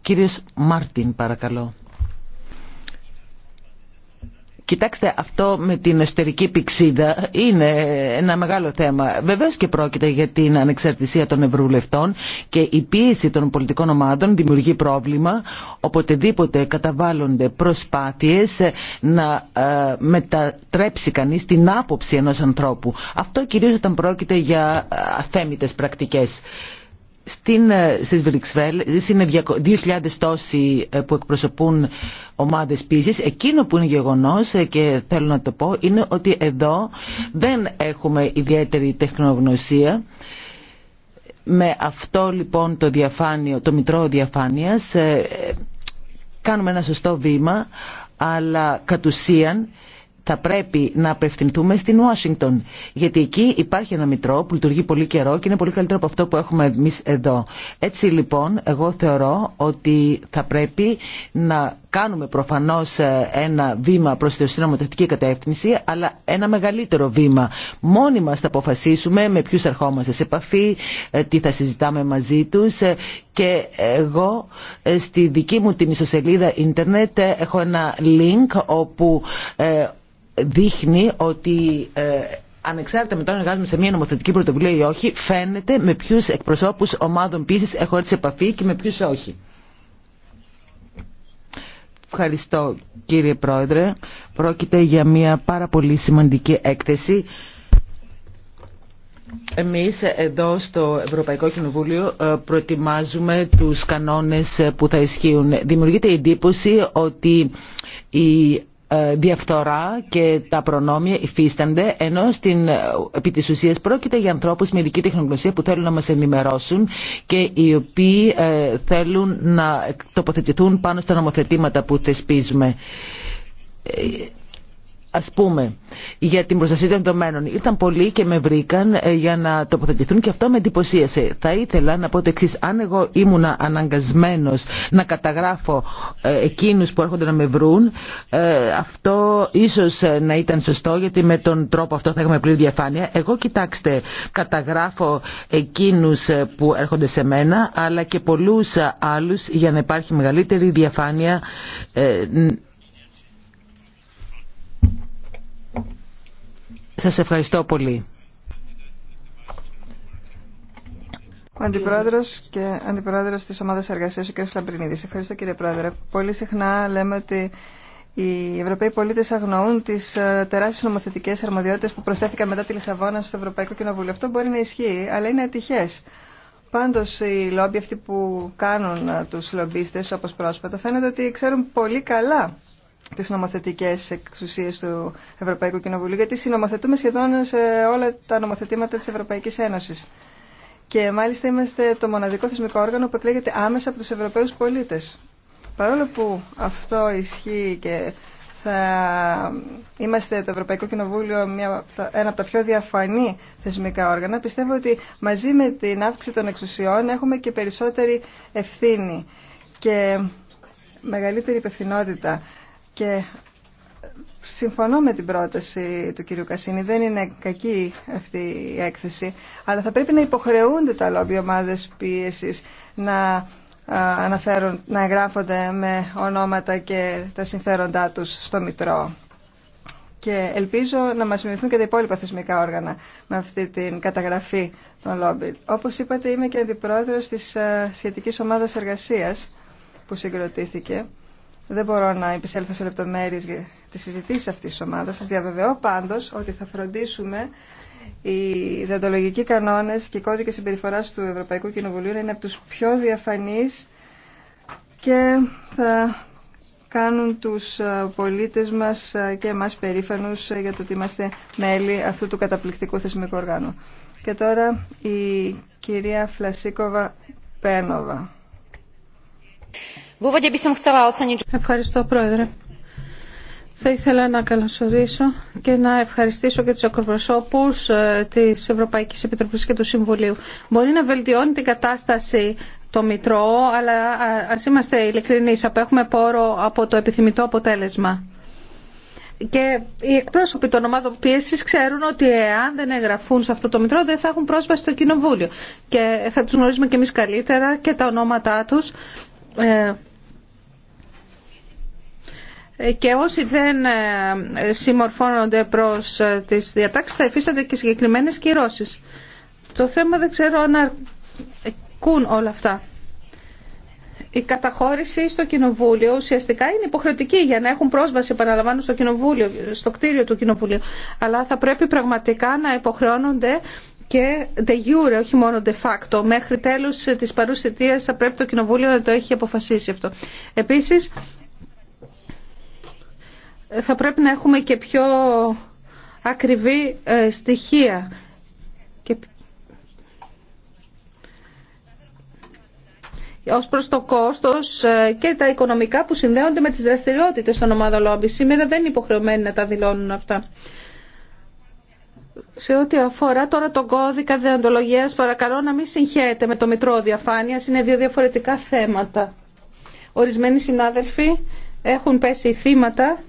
Κύριος Μάρτιν, παρακαλώ. Κοιτάξτε, αυτό με την εσωτερική πηξίδα είναι ένα μεγάλο θέμα. Βεβαίω και πρόκειται για την ανεξαρτησία των ευρωβουλευτών και η πίεση των πολιτικών ομάδων δημιουργεί πρόβλημα. Οποτεδήποτε καταβάλλονται προσπάθειες να ε, μετατρέψει κανείς την άποψη ενός ανθρώπου. Αυτό κυρίως όταν πρόκειται για ε, αθέμητες πρακτικές. Στην, ε, στις είναι 2.000 τόσοι ε, που εκπροσωπούν ομάδες πίεσης. Εκείνο που είναι γεγονός ε, και θέλω να το πω είναι ότι εδώ δεν έχουμε ιδιαίτερη τεχνογνωσία. Με αυτό λοιπόν το, διαφάνιο το μητρό διαφάνειας κάνουμε ένα σωστό βήμα αλλά κατ' ουσίαν θα πρέπει να απευθυνθούμε στην Ουάσιγκτον. Γιατί εκεί υπάρχει ένα μητρό που λειτουργεί πολύ καιρό και είναι πολύ καλύτερο από αυτό που έχουμε εμεί εδώ. Έτσι λοιπόν, εγώ θεωρώ ότι θα πρέπει να κάνουμε προφανώ ε, ένα βήμα προ τη νομοθετική κατεύθυνση, αλλά ένα μεγαλύτερο βήμα. Μόνοι μα θα αποφασίσουμε με ποιου ερχόμαστε σε επαφή, ε, τι θα συζητάμε μαζί του ε, και εγώ στη δική μου την ιστοσελίδα ίντερνετ έχω ένα link όπου δείχνει ότι ε, ανεξάρτητα με το αν εργάζομαι σε μια νομοθετική πρωτοβουλία ή όχι, φαίνεται με ποιου εκπροσώπου ομάδων πίεση έχω έρθει σε επαφή και με ποιου όχι. Ευχαριστώ κύριε Πρόεδρε. Πρόκειται για μια πάρα πολύ σημαντική έκθεση. Εμείς εδώ στο Ευρωπαϊκό Κοινοβούλιο ε, προετοιμάζουμε τους κανόνες που θα ισχύουν. Δημιουργείται η εντύπωση ότι η... Ε, διαφθορά και τα προνόμια υφίστανται, ενώ στην, ε, επί της ουσίας πρόκειται για ανθρώπους με ειδική τεχνογνωσία που θέλουν να μας ενημερώσουν και οι οποίοι ε, θέλουν να τοποθετηθούν πάνω στα νομοθετήματα που θεσπίζουμε. Ας πούμε, για την προστασία των δεδομένων. Ήρθαν πολλοί και με βρήκαν ε, για να τοποθετηθούν και αυτό με εντυπωσίασε. Θα ήθελα να πω το εξή. Αν εγώ ήμουν αναγκασμένος να καταγράφω ε, εκείνους που έρχονται να με βρουν, ε, αυτό ίσως να ήταν σωστό, γιατί με τον τρόπο αυτό θα είχαμε πλήρη διαφάνεια. Εγώ, κοιτάξτε, καταγράφω εκείνους που έρχονται σε μένα, αλλά και πολλούς άλλους για να υπάρχει μεγαλύτερη διαφάνεια Σας ευχαριστώ πολύ. Ο αντιπρόεδρο και αντιπρόεδρο τη ομάδα εργασία, ο κ. Λαμπρινίδη. Ευχαριστώ, κύριε Πρόεδρε. Πολύ συχνά λέμε ότι οι Ευρωπαίοι πολίτε αγνοούν τι ε, τεράστιε νομοθετικέ αρμοδιότητε που προσθέθηκαν μετά τη Λισαβόνα στο Ευρωπαϊκό Κοινοβούλιο. Αυτό μπορεί να ισχύει, αλλά είναι ατυχέ. Πάντω, οι λόμπι αυτοί που κάνουν ε, του λομπίστε, όπω πρόσφατα, φαίνεται ότι ξέρουν πολύ καλά τις νομοθετικέ εξουσίες του Ευρωπαϊκού Κοινοβουλίου, γιατί συνομοθετούμε σχεδόν σε όλα τα νομοθετήματα της Ευρωπαϊκής Ένωσης. Και μάλιστα είμαστε το μοναδικό θεσμικό όργανο που εκλέγεται άμεσα από τους Ευρωπαίους πολίτες. Παρόλο που αυτό ισχύει και θα είμαστε το Ευρωπαϊκό Κοινοβούλιο μια, ένα από τα πιο διαφανή θεσμικά όργανα, πιστεύω ότι μαζί με την αύξηση των εξουσιών έχουμε και περισσότερη ευθύνη και μεγαλύτερη υπευθυνότητα και συμφωνώ με την πρόταση του κυρίου Κασίνη. Δεν είναι κακή αυτή η έκθεση. Αλλά θα πρέπει να υποχρεούνται τα λόμπι ομάδες πίεσης να αναφέρουν, να εγγράφονται με ονόματα και τα συμφέροντά τους στο Μητρό. Και ελπίζω να μας μιμηθούν και τα υπόλοιπα θεσμικά όργανα με αυτή την καταγραφή των λόμπι. Όπως είπατε είμαι και αντιπρόεδρος της σχετικής ομάδας εργασίας που συγκροτήθηκε δεν μπορώ να επισέλθω σε λεπτομέρειε για τι συζητήσει αυτή τη ομάδα. Σα διαβεβαιώ πάντω ότι θα φροντίσουμε οι δαντολογικοί κανόνε και οι κώδικε συμπεριφορά του Ευρωπαϊκού Κοινοβουλίου να είναι από του πιο διαφανεί και θα κάνουν τους ε, πολίτες μας ε, και εμάς περήφανους ε, για το ότι είμαστε μέλη αυτού του καταπληκτικού θεσμικού οργάνου. Και τώρα η κυρία Φλασίκοβα Πένοβα. Ευχαριστώ, Πρόεδρε. Θα ήθελα να καλωσορίσω και να ευχαριστήσω και τους εκπροσώπου ε, της Ευρωπαϊκής Επιτροπής και του Συμβουλίου. Μπορεί να βελτιώνει την κατάσταση το Μητρό, αλλά ας είμαστε ειλικρινείς, απέχουμε πόρο από το επιθυμητό αποτέλεσμα. Και οι εκπρόσωποι των ομάδων πίεση ξέρουν ότι εάν δεν εγγραφούν σε αυτό το Μητρό δεν θα έχουν πρόσβαση στο Κοινοβούλιο. Και θα του γνωρίζουμε και εμεί καλύτερα και τα ονόματά του ε, και όσοι δεν ε, συμμορφώνονται προς ε, τις διατάξεις θα υφίστανται και συγκεκριμένες κυρώσεις. Το θέμα δεν ξέρω αν ακούν όλα αυτά. Η καταχώρηση στο κοινοβούλιο ουσιαστικά είναι υποχρεωτική για να έχουν πρόσβαση, επαναλαμβάνω, στο, κοινοβούλιο, στο κτίριο του κοινοβουλίου. Αλλά θα πρέπει πραγματικά να υποχρεώνονται και de jure, όχι μόνο de facto. Μέχρι τέλους της παρούς θα πρέπει το Κοινοβούλιο να το έχει αποφασίσει αυτό. Επίσης, θα πρέπει να έχουμε και πιο ακριβή ε, στοιχεία. Και... Ως προς το κόστος ε, και τα οικονομικά που συνδέονται με τις δραστηριότητες των ομάδων λόμπι. Σήμερα δεν είναι υποχρεωμένοι να τα δηλώνουν αυτά σε ό,τι αφορά τώρα τον κώδικα διοντολογίας, παρακαλώ να μην συγχαίρετε με το Μητρό Διαφάνεια. Είναι δύο διαφορετικά θέματα. Ορισμένοι συνάδελφοι έχουν πέσει θύματα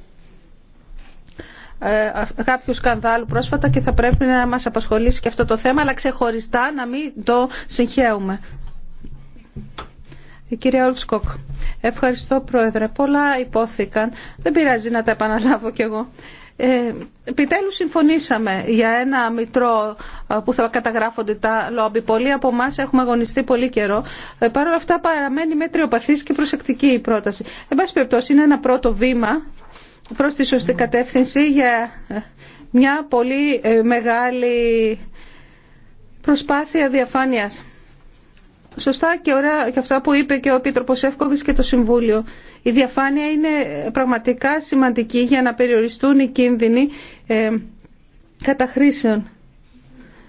ε, κάποιου σκανδάλου πρόσφατα και θα πρέπει να μας απασχολήσει και αυτό το θέμα, αλλά ξεχωριστά να μην το συγχαίουμε. Η κυρία Ολτσκόκ Ευχαριστώ, Πρόεδρε. Πολλά υπόθηκαν. Δεν πειράζει να τα επαναλάβω κι εγώ. Ε, συμφωνήσαμε για ένα μητρό ε, που θα καταγράφονται τα λόμπι. Πολλοί από εμά έχουμε αγωνιστεί πολύ καιρό. Ε, Παρ' όλα αυτά παραμένει μετριοπαθής και προσεκτική η πρόταση. Εν είναι ένα πρώτο βήμα προς τη σωστή κατεύθυνση για ε, μια πολύ ε, μεγάλη προσπάθεια διαφάνειας σωστά και ωραία και αυτά που είπε και ο Επίτροπο Εύκοβη και το Συμβούλιο. Η διαφάνεια είναι πραγματικά σημαντική για να περιοριστούν οι κίνδυνοι ε, καταχρήσεων.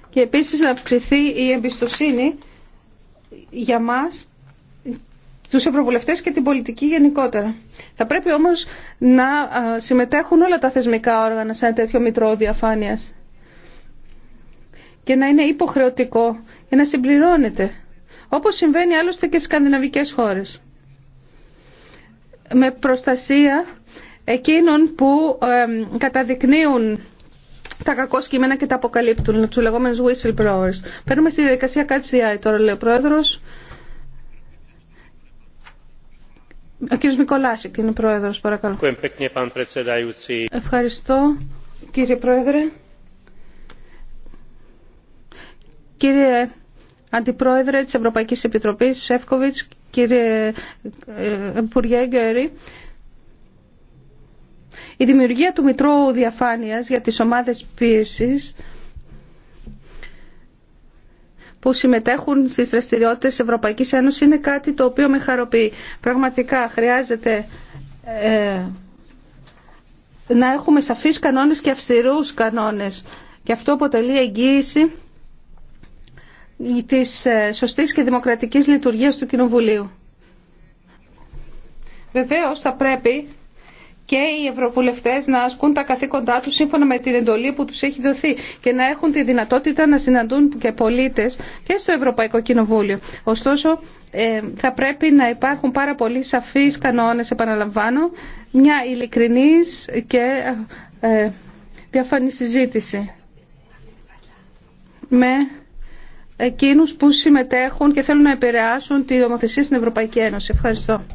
Και επίσης να αυξηθεί η εμπιστοσύνη για μα, τους ευρωβουλευτέ και την πολιτική γενικότερα. Θα πρέπει όμως να ε, συμμετέχουν όλα τα θεσμικά όργανα σε ένα τέτοιο μητρό διαφάνεια. και να είναι υποχρεωτικό και να συμπληρώνεται όπως συμβαίνει άλλωστε και στις σκανδιναβικές χώρες. Με προστασία εκείνων που καταδεικνύουν τα κακό σκήμενα και τα αποκαλύπτουν, του λεγόμενου whistleblowers. Παίρνουμε στη διαδικασία CatchDI τώρα, λέει ο πρόεδρο. Ο κ. Μικολάσικ είναι πρόεδρο, παρακαλώ. Ευχαριστώ, κύριε πρόεδρε. Κύριε Αντιπρόεδρε της Ευρωπαϊκής Επιτροπής Σεύκοβιτς, κύριε ε, Υπουργέ Γκέρι, η δημιουργία του Μητρώου Διαφάνειας για τις ομάδες πίεσης που συμμετέχουν στις δραστηριότητες της Ευρωπαϊκής Ένωσης είναι κάτι το οποίο με χαροποιεί. Πραγματικά χρειάζεται ε, να έχουμε σαφείς κανόνες και αυστηρούς κανόνες και αυτό αποτελεί εγγύηση της ε, σωστής και δημοκρατικής λειτουργίας του Κοινοβουλίου. Βεβαίως θα πρέπει και οι ευρωβουλευτές να ασκούν τα καθήκοντά τους σύμφωνα με την εντολή που τους έχει δοθεί και να έχουν τη δυνατότητα να συναντούν και πολίτες και στο Ευρωπαϊκό Κοινοβούλιο. Ωστόσο, ε, θα πρέπει να υπάρχουν πάρα πολύ σαφείς κανόνες, επαναλαμβάνω, μια ειλικρινής και ε, διαφανή συζήτηση με εκείνους που συμμετέχουν και θέλουν να επηρεάσουν τη δομοθεσία στην Ευρωπαϊκή Ένωση. Ευχαριστώ.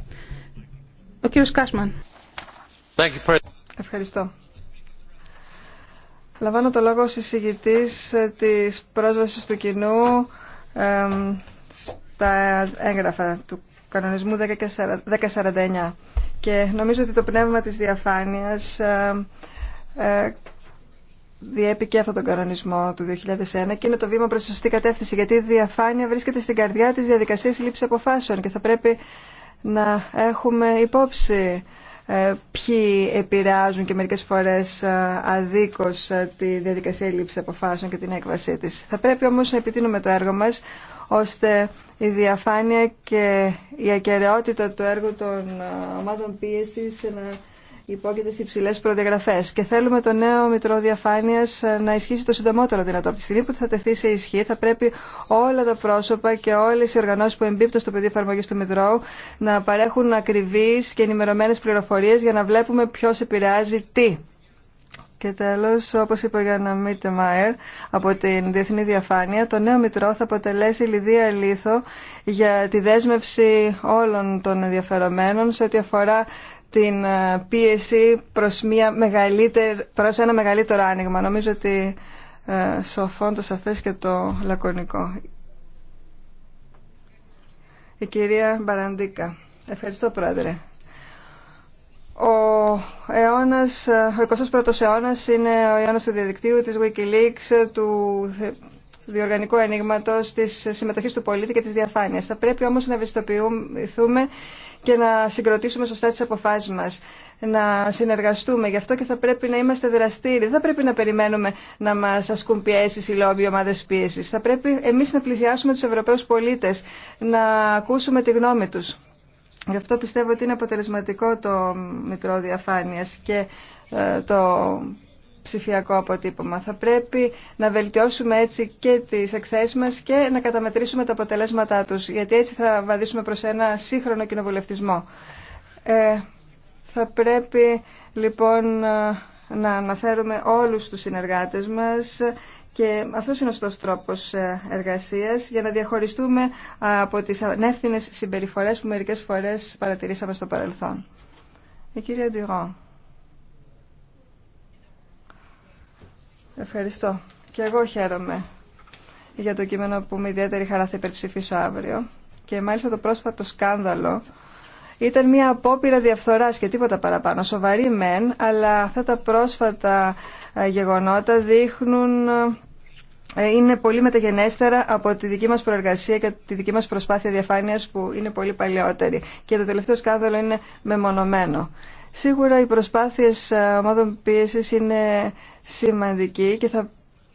Ο κύριος Κάσμαν. Ευχαριστώ. Λαμβάνω το λόγο ως εισηγητής ε, της πρόσβασης του κοινού ε, στα έγγραφα του κανονισμού 1049 και νομίζω ότι το πνεύμα της διαφάνειας ε, ε, διέπει και αυτόν τον κανονισμό του 2001 και είναι το βήμα προς σωστή κατεύθυνση γιατί η διαφάνεια βρίσκεται στην καρδιά της διαδικασίας λήψη αποφάσεων και θα πρέπει να έχουμε υπόψη ε, ποιοι επηρεάζουν και μερικές φορές ε, αδίκως ε, τη διαδικασία λήψη αποφάσεων και την έκβασή της. Θα πρέπει όμως να επιτείνουμε το έργο μας ώστε η διαφάνεια και η ακαιρεότητα του έργου των ομάδων πίεσης να υπόκειται σε υψηλέ προδιαγραφέ. Και θέλουμε το νέο Μητρό Διαφάνεια ε, να ισχύσει το συντομότερο δυνατό. Από τη στιγμή που θα τεθεί σε ισχύ, θα πρέπει όλα τα πρόσωπα και όλε οι οργανώσει που εμπίπτουν στο πεδίο εφαρμογή του Μητρώου να παρέχουν ακριβεί και ενημερωμένε πληροφορίε για να βλέπουμε ποιο επηρεάζει τι. Και τέλο, όπω είπε ο Γιάννα Μίτεμαερ από την Διεθνή Διαφάνεια, το νέο Μητρό θα αποτελέσει λιδία λίθο για τη δέσμευση όλων των ενδιαφερομένων σε ό,τι αφορά την ε, πίεση προς, μια μεγαλύτερη, προς ένα μεγαλύτερο άνοιγμα. Νομίζω ότι ε, το σαφές και το λακωνικό. Η κυρία Μπαραντίκα. Ευχαριστώ πρόεδρε. Ο, αιώνας, ε, ο 21ος αιώνας είναι ο αιώνας του διαδικτύου, της Wikileaks, του διοργανικού ανοίγματο, τη συμμετοχή του πολίτη και τη διαφάνεια. Θα πρέπει όμω να ευαισθητοποιηθούμε και να συγκροτήσουμε σωστά τι αποφάσει μα. Να συνεργαστούμε. Γι' αυτό και θα πρέπει να είμαστε δραστήριοι. Δεν θα πρέπει να περιμένουμε να μα ασκούν πιέσει οι λόμπι ομάδε πίεση. Θα πρέπει εμεί να πλησιάσουμε του Ευρωπαίου πολίτε, να ακούσουμε τη γνώμη του. Γι' αυτό πιστεύω ότι είναι αποτελεσματικό το Μητρό διαφάνεια και ε, το ψηφιακό αποτύπωμα. Θα πρέπει να βελτιώσουμε έτσι και τις εκθέσεις μας και να καταμετρήσουμε τα αποτελέσματά τους, γιατί έτσι θα βαδίσουμε προς ένα σύγχρονο κοινοβουλευτισμό. Ε, θα πρέπει λοιπόν να αναφέρουμε όλους τους συνεργάτες μας και αυτός είναι ο σωστός τρόπος ε, εργασίας για να διαχωριστούμε από τις ανεύθυνες συμπεριφορέ που μερικέ φορές παρατηρήσαμε στο παρελθόν. Η ε, κυρία Ευχαριστώ. Και εγώ χαίρομαι για το κείμενο που με ιδιαίτερη χαρά θα υπερψηφίσω αύριο. Και μάλιστα το πρόσφατο σκάνδαλο ήταν μια απόπειρα διαφθοράς και τίποτα παραπάνω. Σοβαρή μεν, αλλά αυτά τα πρόσφατα ε, γεγονότα δείχνουν ε, είναι πολύ μεταγενέστερα από τη δική μας προεργασία και τη δική μας προσπάθεια διαφάνειας που είναι πολύ παλαιότερη. Και το τελευταίο σκάνδαλο είναι μεμονωμένο. Σίγουρα οι προσπάθειες ε, ομάδων πίεσης είναι σημαντικοί και θα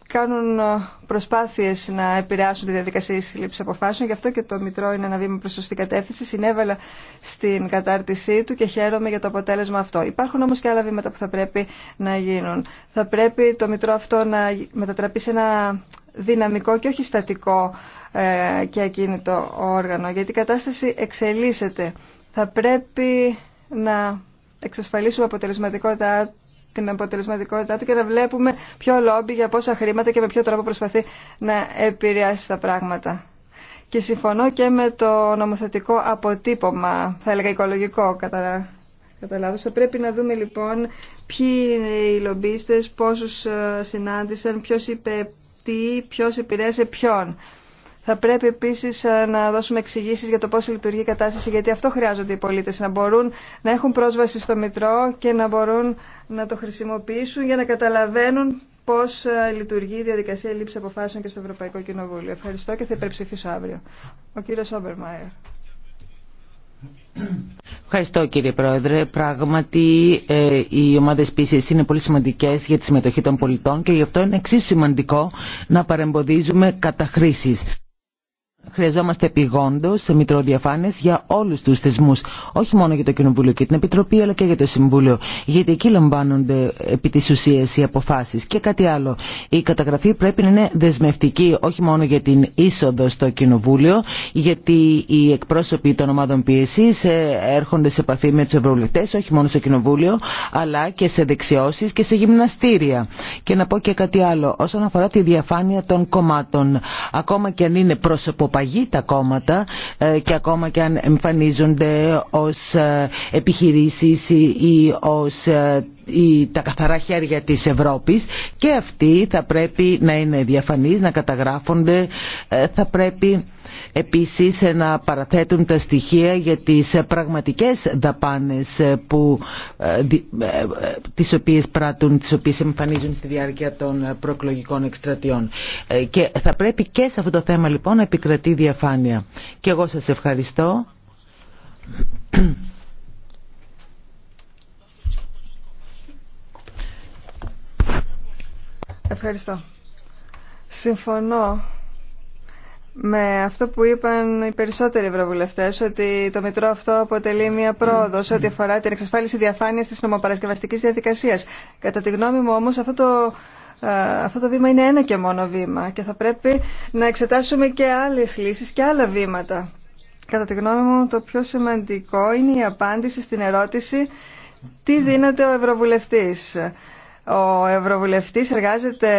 κάνουν ε, προσπάθειες να επηρεάσουν τη διαδικασία λήψη αποφάσεων. Γι' αυτό και το Μητρό είναι ένα βήμα προς σωστή κατεύθυνση. Συνέβαλα στην κατάρτισή του και χαίρομαι για το αποτέλεσμα αυτό. Υπάρχουν όμως και άλλα βήματα που θα πρέπει να γίνουν. Θα πρέπει το Μητρό αυτό να μετατραπεί σε ένα δυναμικό και όχι στατικό ε, και ακίνητο όργανο, γιατί η κατάσταση εξελίσσεται. Θα πρέπει να εξασφαλίσουμε αποτελεσματικότητα, την αποτελεσματικότητά του και να βλέπουμε ποιο λόμπι για πόσα χρήματα και με ποιο τρόπο προσπαθεί να επηρεάσει τα πράγματα. Και συμφωνώ και με το νομοθετικό αποτύπωμα, θα έλεγα οικολογικό κατά, κατά λάθος. Θα πρέπει να δούμε λοιπόν ποιοι είναι οι λομπίστες, πόσους ε, συνάντησαν, ποιος είπε τι, ποιος επηρέασε ποιον. Θα πρέπει επίση ε, να δώσουμε εξηγήσει για το πώ λειτουργεί η κατάσταση, γιατί αυτό χρειάζονται οι πολίτε να μπορούν να έχουν πρόσβαση στο Μητρό και να μπορούν να το χρησιμοποιήσουν για να καταλαβαίνουν πώ ε, λειτουργεί η διαδικασία λήψη αποφάσεων και στο Ευρωπαϊκό Κοινοβούλιο. Ευχαριστώ και θα υπερψηφίσω αύριο. Ο κύριος Όμπερμαϊερ. Ευχαριστώ κύριε Πρόεδρε. Πράγματι ε, οι ομάδες πίσης είναι πολύ σημαντικές για τη συμμετοχή των πολιτών και γι' αυτό είναι εξίσου σημαντικό να παρεμποδίζουμε καταχρήσεις. Χρειαζόμαστε επιγόντω μητρό για όλου του θεσμού. Όχι μόνο για το Κοινοβούλιο και την Επιτροπή, αλλά και για το Συμβούλιο. Γιατί εκεί λαμβάνονται επί τη ουσία οι αποφάσει. Και κάτι άλλο. Η καταγραφή πρέπει να είναι δεσμευτική, όχι μόνο για την είσοδο στο Κοινοβούλιο, γιατί οι εκπρόσωποι των ομάδων πίεση ε, έρχονται σε επαφή με του ευρωβουλευτέ, όχι μόνο στο Κοινοβούλιο, αλλά και σε δεξιώσει και σε γυμναστήρια. Και να πω και κάτι άλλο. Όσον αφορά τη διαφάνεια των κομμάτων, ακόμα και αν είναι πρόσωπο τα κόμματα ε, και ακόμα και αν εμφανίζονται ως ε, επιχειρήσεις ή ως ε, τα καθαρά χέρια της Ευρώπης και αυτοί θα πρέπει να είναι διαφανείς, να καταγράφονται, θα πρέπει επίσης να παραθέτουν τα στοιχεία για τις πραγματικές δαπάνες που, ε, ε, ε, τις οποίες πράττουν, τις οποίες εμφανίζουν στη διάρκεια των προκλογικών εκστρατιών. Και θα πρέπει και σε αυτό το θέμα λοιπόν να επικρατεί διαφάνεια. Και εγώ σας ευχαριστώ. Ευχαριστώ. Συμφωνώ με αυτό που είπαν οι περισσότεροι ευρωβουλευτέ, ότι το Μητρό αυτό αποτελεί μια πρόοδο ό,τι αφορά την εξασφάλιση διαφάνεια τη νομοπαρασκευαστική διαδικασία. Κατά τη γνώμη μου, όμω, αυτό το. Ε, αυτό το βήμα είναι ένα και μόνο βήμα και θα πρέπει να εξετάσουμε και άλλες λύσεις και άλλα βήματα. Κατά τη γνώμη μου το πιο σημαντικό είναι η απάντηση στην ερώτηση τι δίνεται ο Ευρωβουλευτής. Ο Ευρωβουλευτής εργάζεται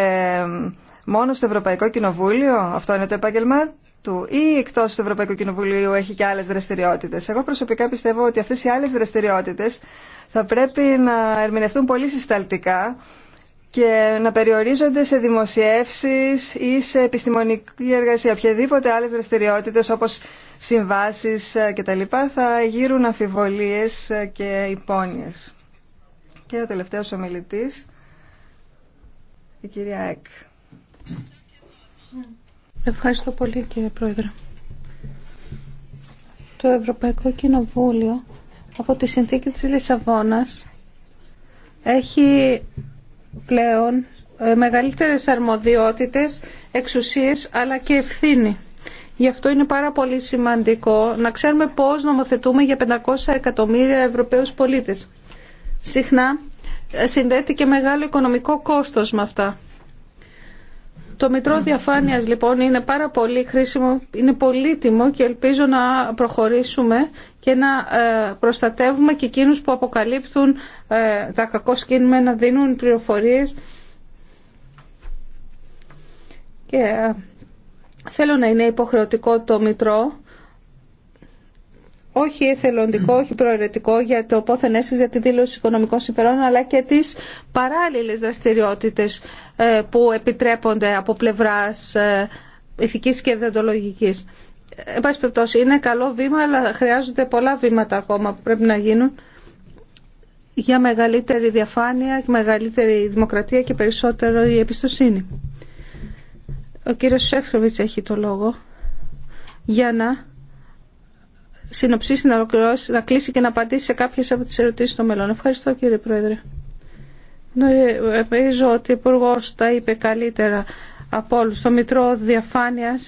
μόνο στο Ευρωπαϊκό Κοινοβούλιο, αυτό είναι το επάγγελμά του, ή εκτό του Ευρωπαϊκού Κοινοβουλίου έχει και άλλε δραστηριότητε. Εγώ προσωπικά πιστεύω ότι αυτέ οι άλλε δραστηριότητε θα πρέπει να ερμηνευτούν πολύ συσταλτικά και να περιορίζονται σε δημοσιεύσεις ή σε επιστημονική εργασία. Οποιαδήποτε άλλες δραστηριότητες όπως συμβάσεις κτλ. θα γύρουν αμφιβολίες και υπόνοιες. Και ο τελευταίος ομιλητής, η κυρία Εκ. Ευχαριστώ πολύ κύριε Πρόεδρε. Το Ευρωπαϊκό Κοινοβούλιο από τη συνθήκη της Λισαβόνας έχει πλέον ε, μεγαλύτερες αρμοδιότητες, εξουσίες αλλά και ευθύνη. Γι' αυτό είναι πάρα πολύ σημαντικό να ξέρουμε πώς νομοθετούμε για 500 εκατομμύρια Ευρωπαίους πολίτες. Συχνά ε, συνδέεται και μεγάλο οικονομικό κόστος με αυτά. Το Μητρό Διαφάνειας λοιπόν είναι πάρα πολύ χρήσιμο, είναι πολύτιμο και ελπίζω να προχωρήσουμε και να ε, προστατεύουμε και εκείνους που αποκαλύπτουν ε, τα κακό να δίνουν πληροφορίες και ε, θέλω να είναι υποχρεωτικό το Μητρό όχι εθελοντικό, όχι προαιρετικό για το πόθεν για τη δήλωση οικονομικών συμφερόντων, αλλά και τις παράλληλες δραστηριότητες ε, που επιτρέπονται από πλευράς ε, ηθικής και δεντολογικής. Εν πάση είναι καλό βήμα, αλλά χρειάζονται πολλά βήματα ακόμα που πρέπει να γίνουν για μεγαλύτερη διαφάνεια, μεγαλύτερη δημοκρατία και περισσότερο η εμπιστοσύνη. Ο κύριος Σέφροβιτς έχει το λόγο για να συνοψίσει, να ολοκληρώσει, να κλείσει και να απαντήσει σε κάποιες από τις ερωτήσεις των μελών. Ευχαριστώ κύριε Πρόεδρε. Ε, νομίζω ότι ο υπουργό τα είπε καλύτερα από όλου. Το Μητρό διαφάνεια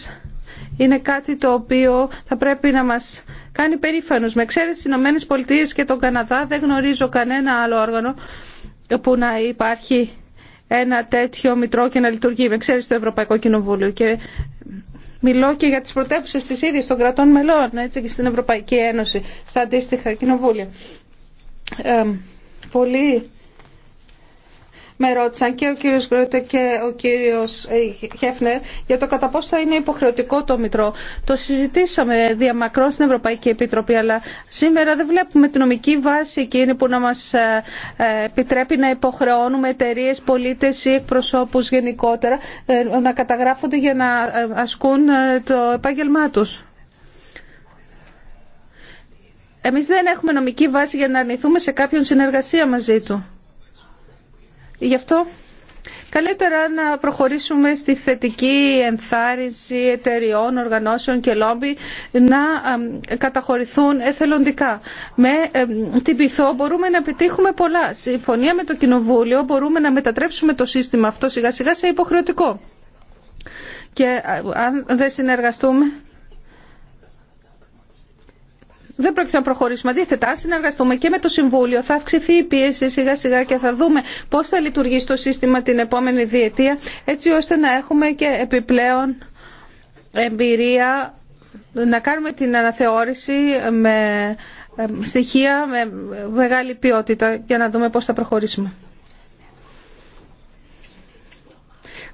είναι κάτι το οποίο θα πρέπει να μας κάνει περήφανος. Με ξέρετε τι Ηνωμένε Πολιτείες και τον Καναδά δεν γνωρίζω κανένα άλλο όργανο που να υπάρχει ένα τέτοιο μητρό και να λειτουργεί. Με ξέρει το Ευρωπαϊκό Κοινοβούλιο και Μιλώ και για τις πρωτεύουσε της ίδιας των κρατών μελών, έτσι και στην Ευρωπαϊκή Ένωση, στα αντίστοιχα κοινοβούλια. Ε, πολύ με ρώτησαν και ο κύριος Γκρότε και ο κύριος ε, Χέφνερ για το κατά πόσο θα είναι υποχρεωτικό το Μητρό. Το συζητήσαμε διαμακρόν στην Ευρωπαϊκή Επιτροπή, αλλά σήμερα δεν βλέπουμε την νομική βάση εκείνη που να μας ε, ε, επιτρέπει να υποχρεώνουμε εταιρείε, πολίτες ή εκπροσώπους γενικότερα να καταγράφονται για να ασκούν το επάγγελμά τους. Εμείς δεν έχουμε νομική βάση για να αρνηθούμε σε κάποιον συνεργασία μαζί του. Γι' αυτό Καλύτερα να προχωρήσουμε στη θετική ενθάρρυνση εταιριών, οργανώσεων και λόμπι να καταχωρηθούν εθελοντικά. Με την πυθό μπορούμε να επιτύχουμε πολλά. Συμφωνία με το Κοινοβούλιο μπορούμε να μετατρέψουμε το σύστημα αυτό σιγά σιγά σε υποχρεωτικό. Και ε, αν δεν συνεργαστούμε δεν πρόκειται να προχωρήσουμε. Αντίθετα, αν συνεργαστούμε και με το Συμβούλιο, θα αυξηθεί η πίεση σιγά σιγά και θα δούμε πώ θα λειτουργήσει το σύστημα την επόμενη διετία, έτσι ώστε να έχουμε και επιπλέον εμπειρία να κάνουμε την αναθεώρηση με ε, στοιχεία με μεγάλη ποιότητα για να δούμε πώς θα προχωρήσουμε.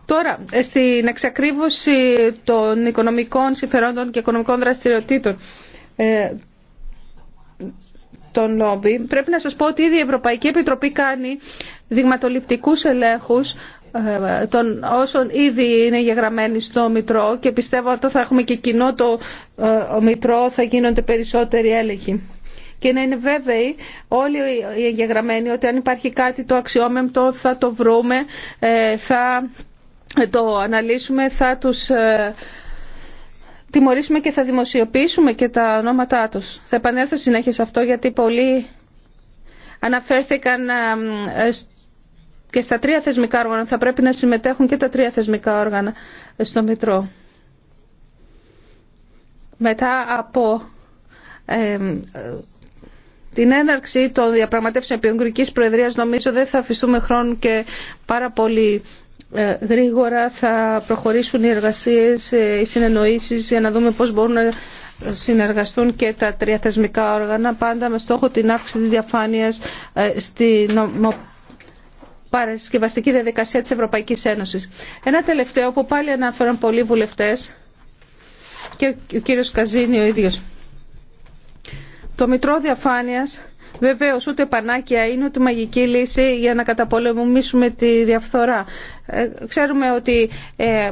Τώρα, στην εξακρίβωση των οικονομικών συμφερόντων και οικονομικών δραστηριοτήτων, ε, τον λόμπι. Πρέπει να σας πω ότι ήδη η Ευρωπαϊκή Επιτροπή κάνει δειγματοληπτικούς ελέγχους ε, των όσων ήδη είναι γεγραμμένοι στο Μητρό και πιστεύω ότι θα έχουμε και κοινό το ε, Μητρό θα γίνονται περισσότεροι έλεγχοι. Και να είναι βέβαιοι όλοι οι εγγεγραμμένοι ότι αν υπάρχει κάτι το αξιόμεμπτο θα το βρούμε, ε, θα το αναλύσουμε, θα τους τιμωρήσουμε και θα δημοσιοποιήσουμε και τα ονόματά τους. Θα επανέλθω συνέχεια σε αυτό γιατί πολλοί αναφέρθηκαν ε, και στα τρία θεσμικά όργανα. Θα πρέπει να συμμετέχουν και τα τρία θεσμικά όργανα στο Μητρό. Μετά από ε, ε, την έναρξη των διαπραγματεύσεων επί Ουγγρικής Προεδρίας νομίζω δεν θα αφιστούμε χρόνο και πάρα πολύ ε, γρήγορα θα προχωρήσουν οι εργασίες, ε, οι συνεννοήσεις για να δούμε πώς μπορούν να συνεργαστούν και τα τρία θεσμικά όργανα πάντα με στόχο την αύξηση της διαφάνειας ε, στη παρασκευαστική διαδικασία της Ευρωπαϊκής Ένωσης. Ένα τελευταίο που πάλι αναφέραν πολλοί βουλευτές και ο κύριος Καζίνη ο ίδιος. Το Μητρό Διαφάνειας Βεβαίω, ούτε πανάκια είναι ούτε μαγική λύση για να καταπολεμήσουμε τη διαφθορά. Ε, ξέρουμε ότι ε,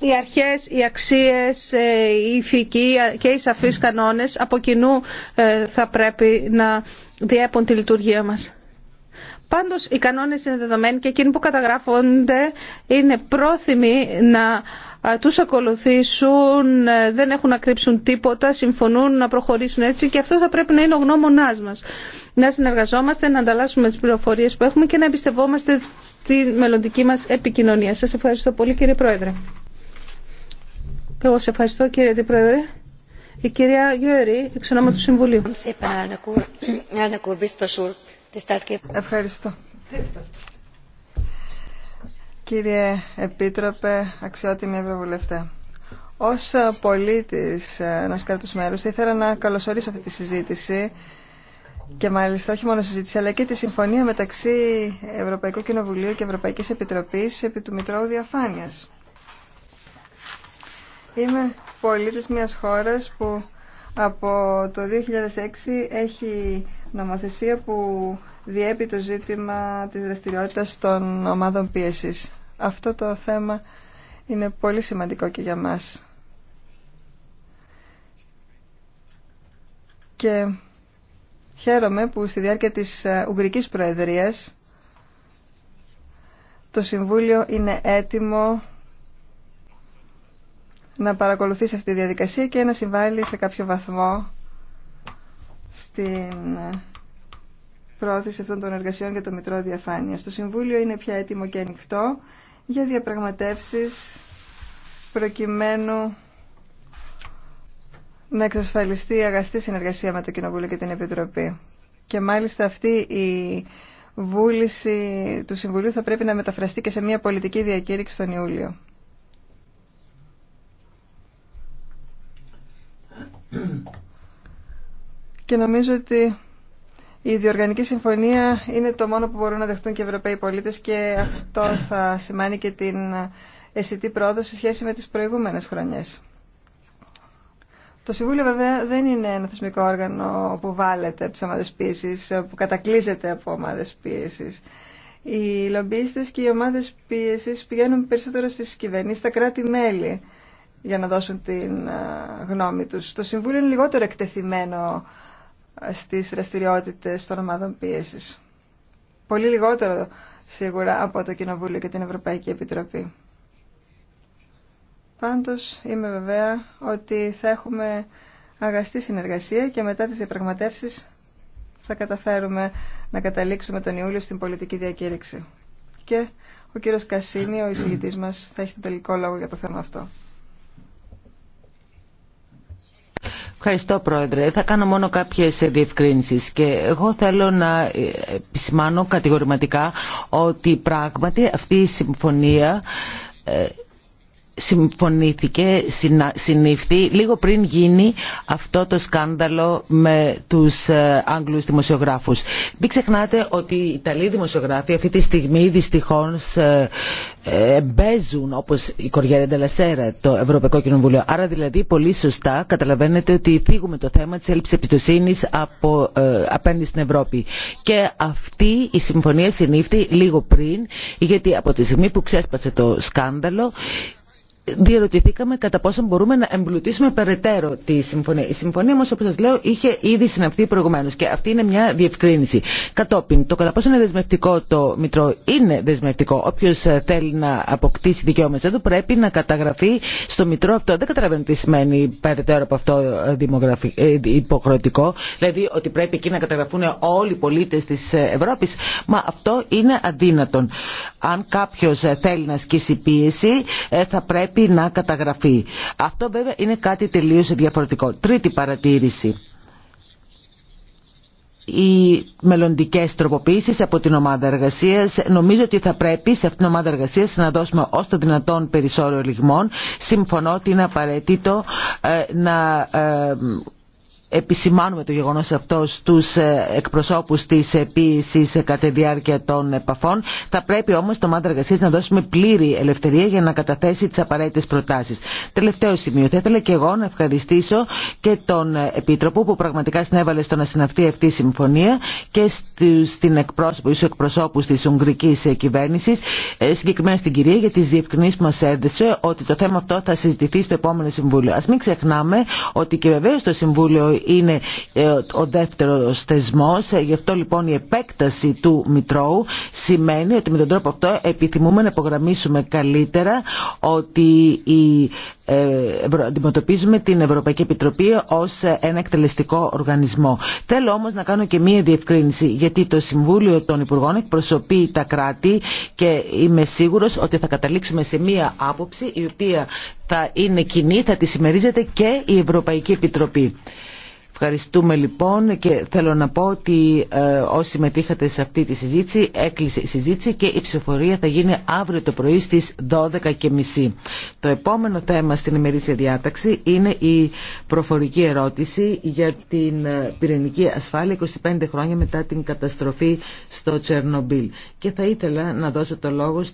οι αρχές, οι αξίες, ε, η ηθική και οι σαφείς κανόνες από κοινού θα πρέπει να διέπουν τη λειτουργία μας. Πάντως οι κανόνες είναι δεδομένοι και εκείνοι που καταγράφονται είναι πρόθυμοι να τους ακολουθήσουν, ε, δεν έχουν να κρύψουν τίποτα, συμφωνούν να προχωρήσουν έτσι και αυτό θα πρέπει να είναι ο γνώμονάς μας. Να συνεργαζόμαστε, να ανταλλάσσουμε τις πληροφορίες που έχουμε και να εμπιστευόμαστε τη μελλοντική μας επικοινωνία. Σας ευχαριστώ πολύ κύριε Πρόεδρε. Εγώ σε ευχαριστώ κύριε Αντιπρόεδρε. Η κυρία Γιώρη, εξ του Συμβουλίου. Ευχαριστώ. Κύριε Επίτροπε, αξιότιμη Ευρωβουλευτέ. Ως πολίτης κράτου κράτους θα ήθελα να καλωσορίσω αυτή τη συζήτηση και μάλιστα όχι μόνο συζήτηση, αλλά και τη συμφωνία μεταξύ Ευρωπαϊκού Κοινοβουλίου και Ευρωπαϊκής Επιτροπής επί του Μητρώου Διαφάνειας. Είμαι πολίτης μιας χώρας που από το 2006 έχει νομοθεσία που διέπει το ζήτημα της δραστηριότητας των ομάδων πίεσης. Αυτό το θέμα είναι πολύ σημαντικό και για μας. Και χαίρομαι που στη διάρκεια της ε, Ουγγρικής Προεδρίας το Συμβούλιο είναι έτοιμο να παρακολουθήσει αυτή τη διαδικασία και να συμβάλλει σε κάποιο βαθμό στην ε, πρόθεση αυτών των εργασιών για το Μητρό Διαφάνεια. Το Συμβούλιο είναι πια έτοιμο και ανοιχτό για διαπραγματεύσεις προκειμένου να εξασφαλιστεί η αγαστή συνεργασία με το Κοινοβούλιο και την Επιτροπή. Και μάλιστα αυτή η βούληση του Συμβουλίου θα πρέπει να μεταφραστεί και σε μια πολιτική διακήρυξη τον Ιούλιο. και νομίζω ότι η διοργανική συμφωνία είναι το μόνο που μπορούν να δεχτούν και οι Ευρωπαίοι πολίτες και αυτό θα σημάνει και την αισθητή πρόοδο σε σχέση με τις προηγούμενες χρονιές. Το Συμβούλιο βέβαια δεν είναι ένα θεσμικό όργανο που βάλεται από τις ομάδες πίεσης, που κατακλείζεται από ομάδες πίεσης. Οι λομπίστες και οι ομάδες πίεσης πηγαίνουν περισσότερο στις κυβερνήσεις, στα κράτη-μέλη για να δώσουν την γνώμη τους. Το Συμβούλιο είναι λιγότερο εκτεθειμένο στις δραστηριότητες των ομάδων πίεσης. Πολύ λιγότερο σίγουρα από το Κοινοβούλιο και την Ευρωπαϊκή Επιτροπή. Πάντως είμαι βεβαία ότι θα έχουμε αγαστή συνεργασία και μετά τις διαπραγματεύσει θα καταφέρουμε να καταλήξουμε τον Ιούλιο στην πολιτική διακήρυξη. Και ο κύριος Κασίνη, ο εισηγητής μας, θα έχει το τελικό λόγο για το θέμα αυτό. Ευχαριστώ Πρόεδρε. Θα κάνω μόνο κάποιες διευκρίνησεις και εγώ θέλω να επισημάνω κατηγορηματικά ότι πράγματι αυτή η συμφωνία ε, συμφωνήθηκε, συνήφθη λίγο πριν γίνει αυτό το σκάνδαλο με τους ε, Άγγλους δημοσιογράφους. Μην ξεχνάτε ότι οι Ιταλοί δημοσιογράφοι αυτή τη στιγμή δυστυχώς ε, ε, μπέζουν όπως η Κοριέρα Ντελασέρα το Ευρωπαϊκό Κοινοβούλιο. Άρα δηλαδή πολύ σωστά καταλαβαίνετε ότι φύγουμε το θέμα της έλλειψης εμπιστοσύνης από, ε, απέναντι στην Ευρώπη. Και αυτή η συμφωνία συνήφθη λίγο πριν γιατί από τη στιγμή που ξέσπασε το σκάνδαλο διερωτηθήκαμε κατά πόσο μπορούμε να εμπλουτίσουμε περαιτέρω τη συμφωνία. Η συμφωνία όμω, όπω σα λέω, είχε ήδη συναυθεί προηγουμένω και αυτή είναι μια διευκρίνηση. Κατόπιν, το κατά πόσο είναι δεσμευτικό το Μητρό είναι δεσμευτικό. Όποιο ε, θέλει να αποκτήσει δικαιώματα του πρέπει να καταγραφεί στο Μητρό αυτό. Δεν καταλαβαίνω τι σημαίνει περαιτέρω από αυτό ε, ε, υποχρεωτικό. Δηλαδή ότι πρέπει εκεί να καταγραφούν όλοι οι πολίτε τη Ευρώπη. Μα αυτό είναι αδύνατον. Αν κάποιο θέλει να ασκήσει πίεση, θα πρέπει πρέπει να καταγραφεί. Αυτό βέβαια είναι κάτι τελείως διαφορετικό. Τρίτη παρατήρηση οι μελλοντικέ τροποποίησει από την ομάδα εργασία. Νομίζω ότι θα πρέπει σε αυτήν την ομάδα εργασία να δώσουμε ω το δυνατόν περισσότερο λιγμών. Συμφωνώ ότι είναι απαραίτητο ε, να ε, επισημάνουμε το γεγονός αυτό στους ε, εκπροσώπους της ποιησης ε, κατά τη διάρκεια των επαφών. Θα πρέπει όμως το Μάντρα εργασίας να δώσουμε πλήρη ελευθερία για να καταθέσει τις απαραίτητες προτάσεις. Τελευταίο σημείο. Θα ήθελα και εγώ να ευχαριστήσω και τον ε, Επίτροπο που πραγματικά συνέβαλε στο να συναυτεί αυτή η συμφωνία και στην εκπρόσωπο, στους εκπροσώπους της Ουγγρικής κυβέρνησης, συγκεκριμένα στην κυρία για τις διευκρινήσεις που μας έδεσε ότι το θέμα αυτό θα συζητηθεί στο επόμενο Συμβούλιο. Ας μην ξεχνάμε ότι και βεβαίως το Συμβούλιο είναι ε, ο δεύτερος θεσμός. Ε, γι' αυτό λοιπόν η επέκταση του Μητρώου σημαίνει ότι με τον τρόπο αυτό επιθυμούμε να υπογραμμίσουμε καλύτερα ότι η ε, αντιμετωπίζουμε την Ευρωπαϊκή Επιτροπή ως ένα εκτελεστικό οργανισμό. Θέλω όμως να κάνω και μία διευκρίνηση γιατί το Συμβούλιο των Υπουργών εκπροσωπεί τα κράτη και είμαι σίγουρος ότι θα καταλήξουμε σε μία άποψη η οποία θα είναι κοινή, θα τη συμμερίζεται και η Ευρωπαϊκή Επιτροπή. Ευχαριστούμε λοιπόν και θέλω να πω ότι ε, όσοι συμμετείχατε σε αυτή τη συζήτηση έκλεισε η συζήτηση και η ψηφοφορία θα γίνει αύριο το πρωί στις 12.30. Το επόμενο θέμα στην ημερήσια διάταξη είναι η προφορική ερώτηση για την ε, πυρηνική ασφάλεια 25 χρόνια μετά την καταστροφή στο Τσερνομπίλ. Και θα ήθελα να δώσω το λόγο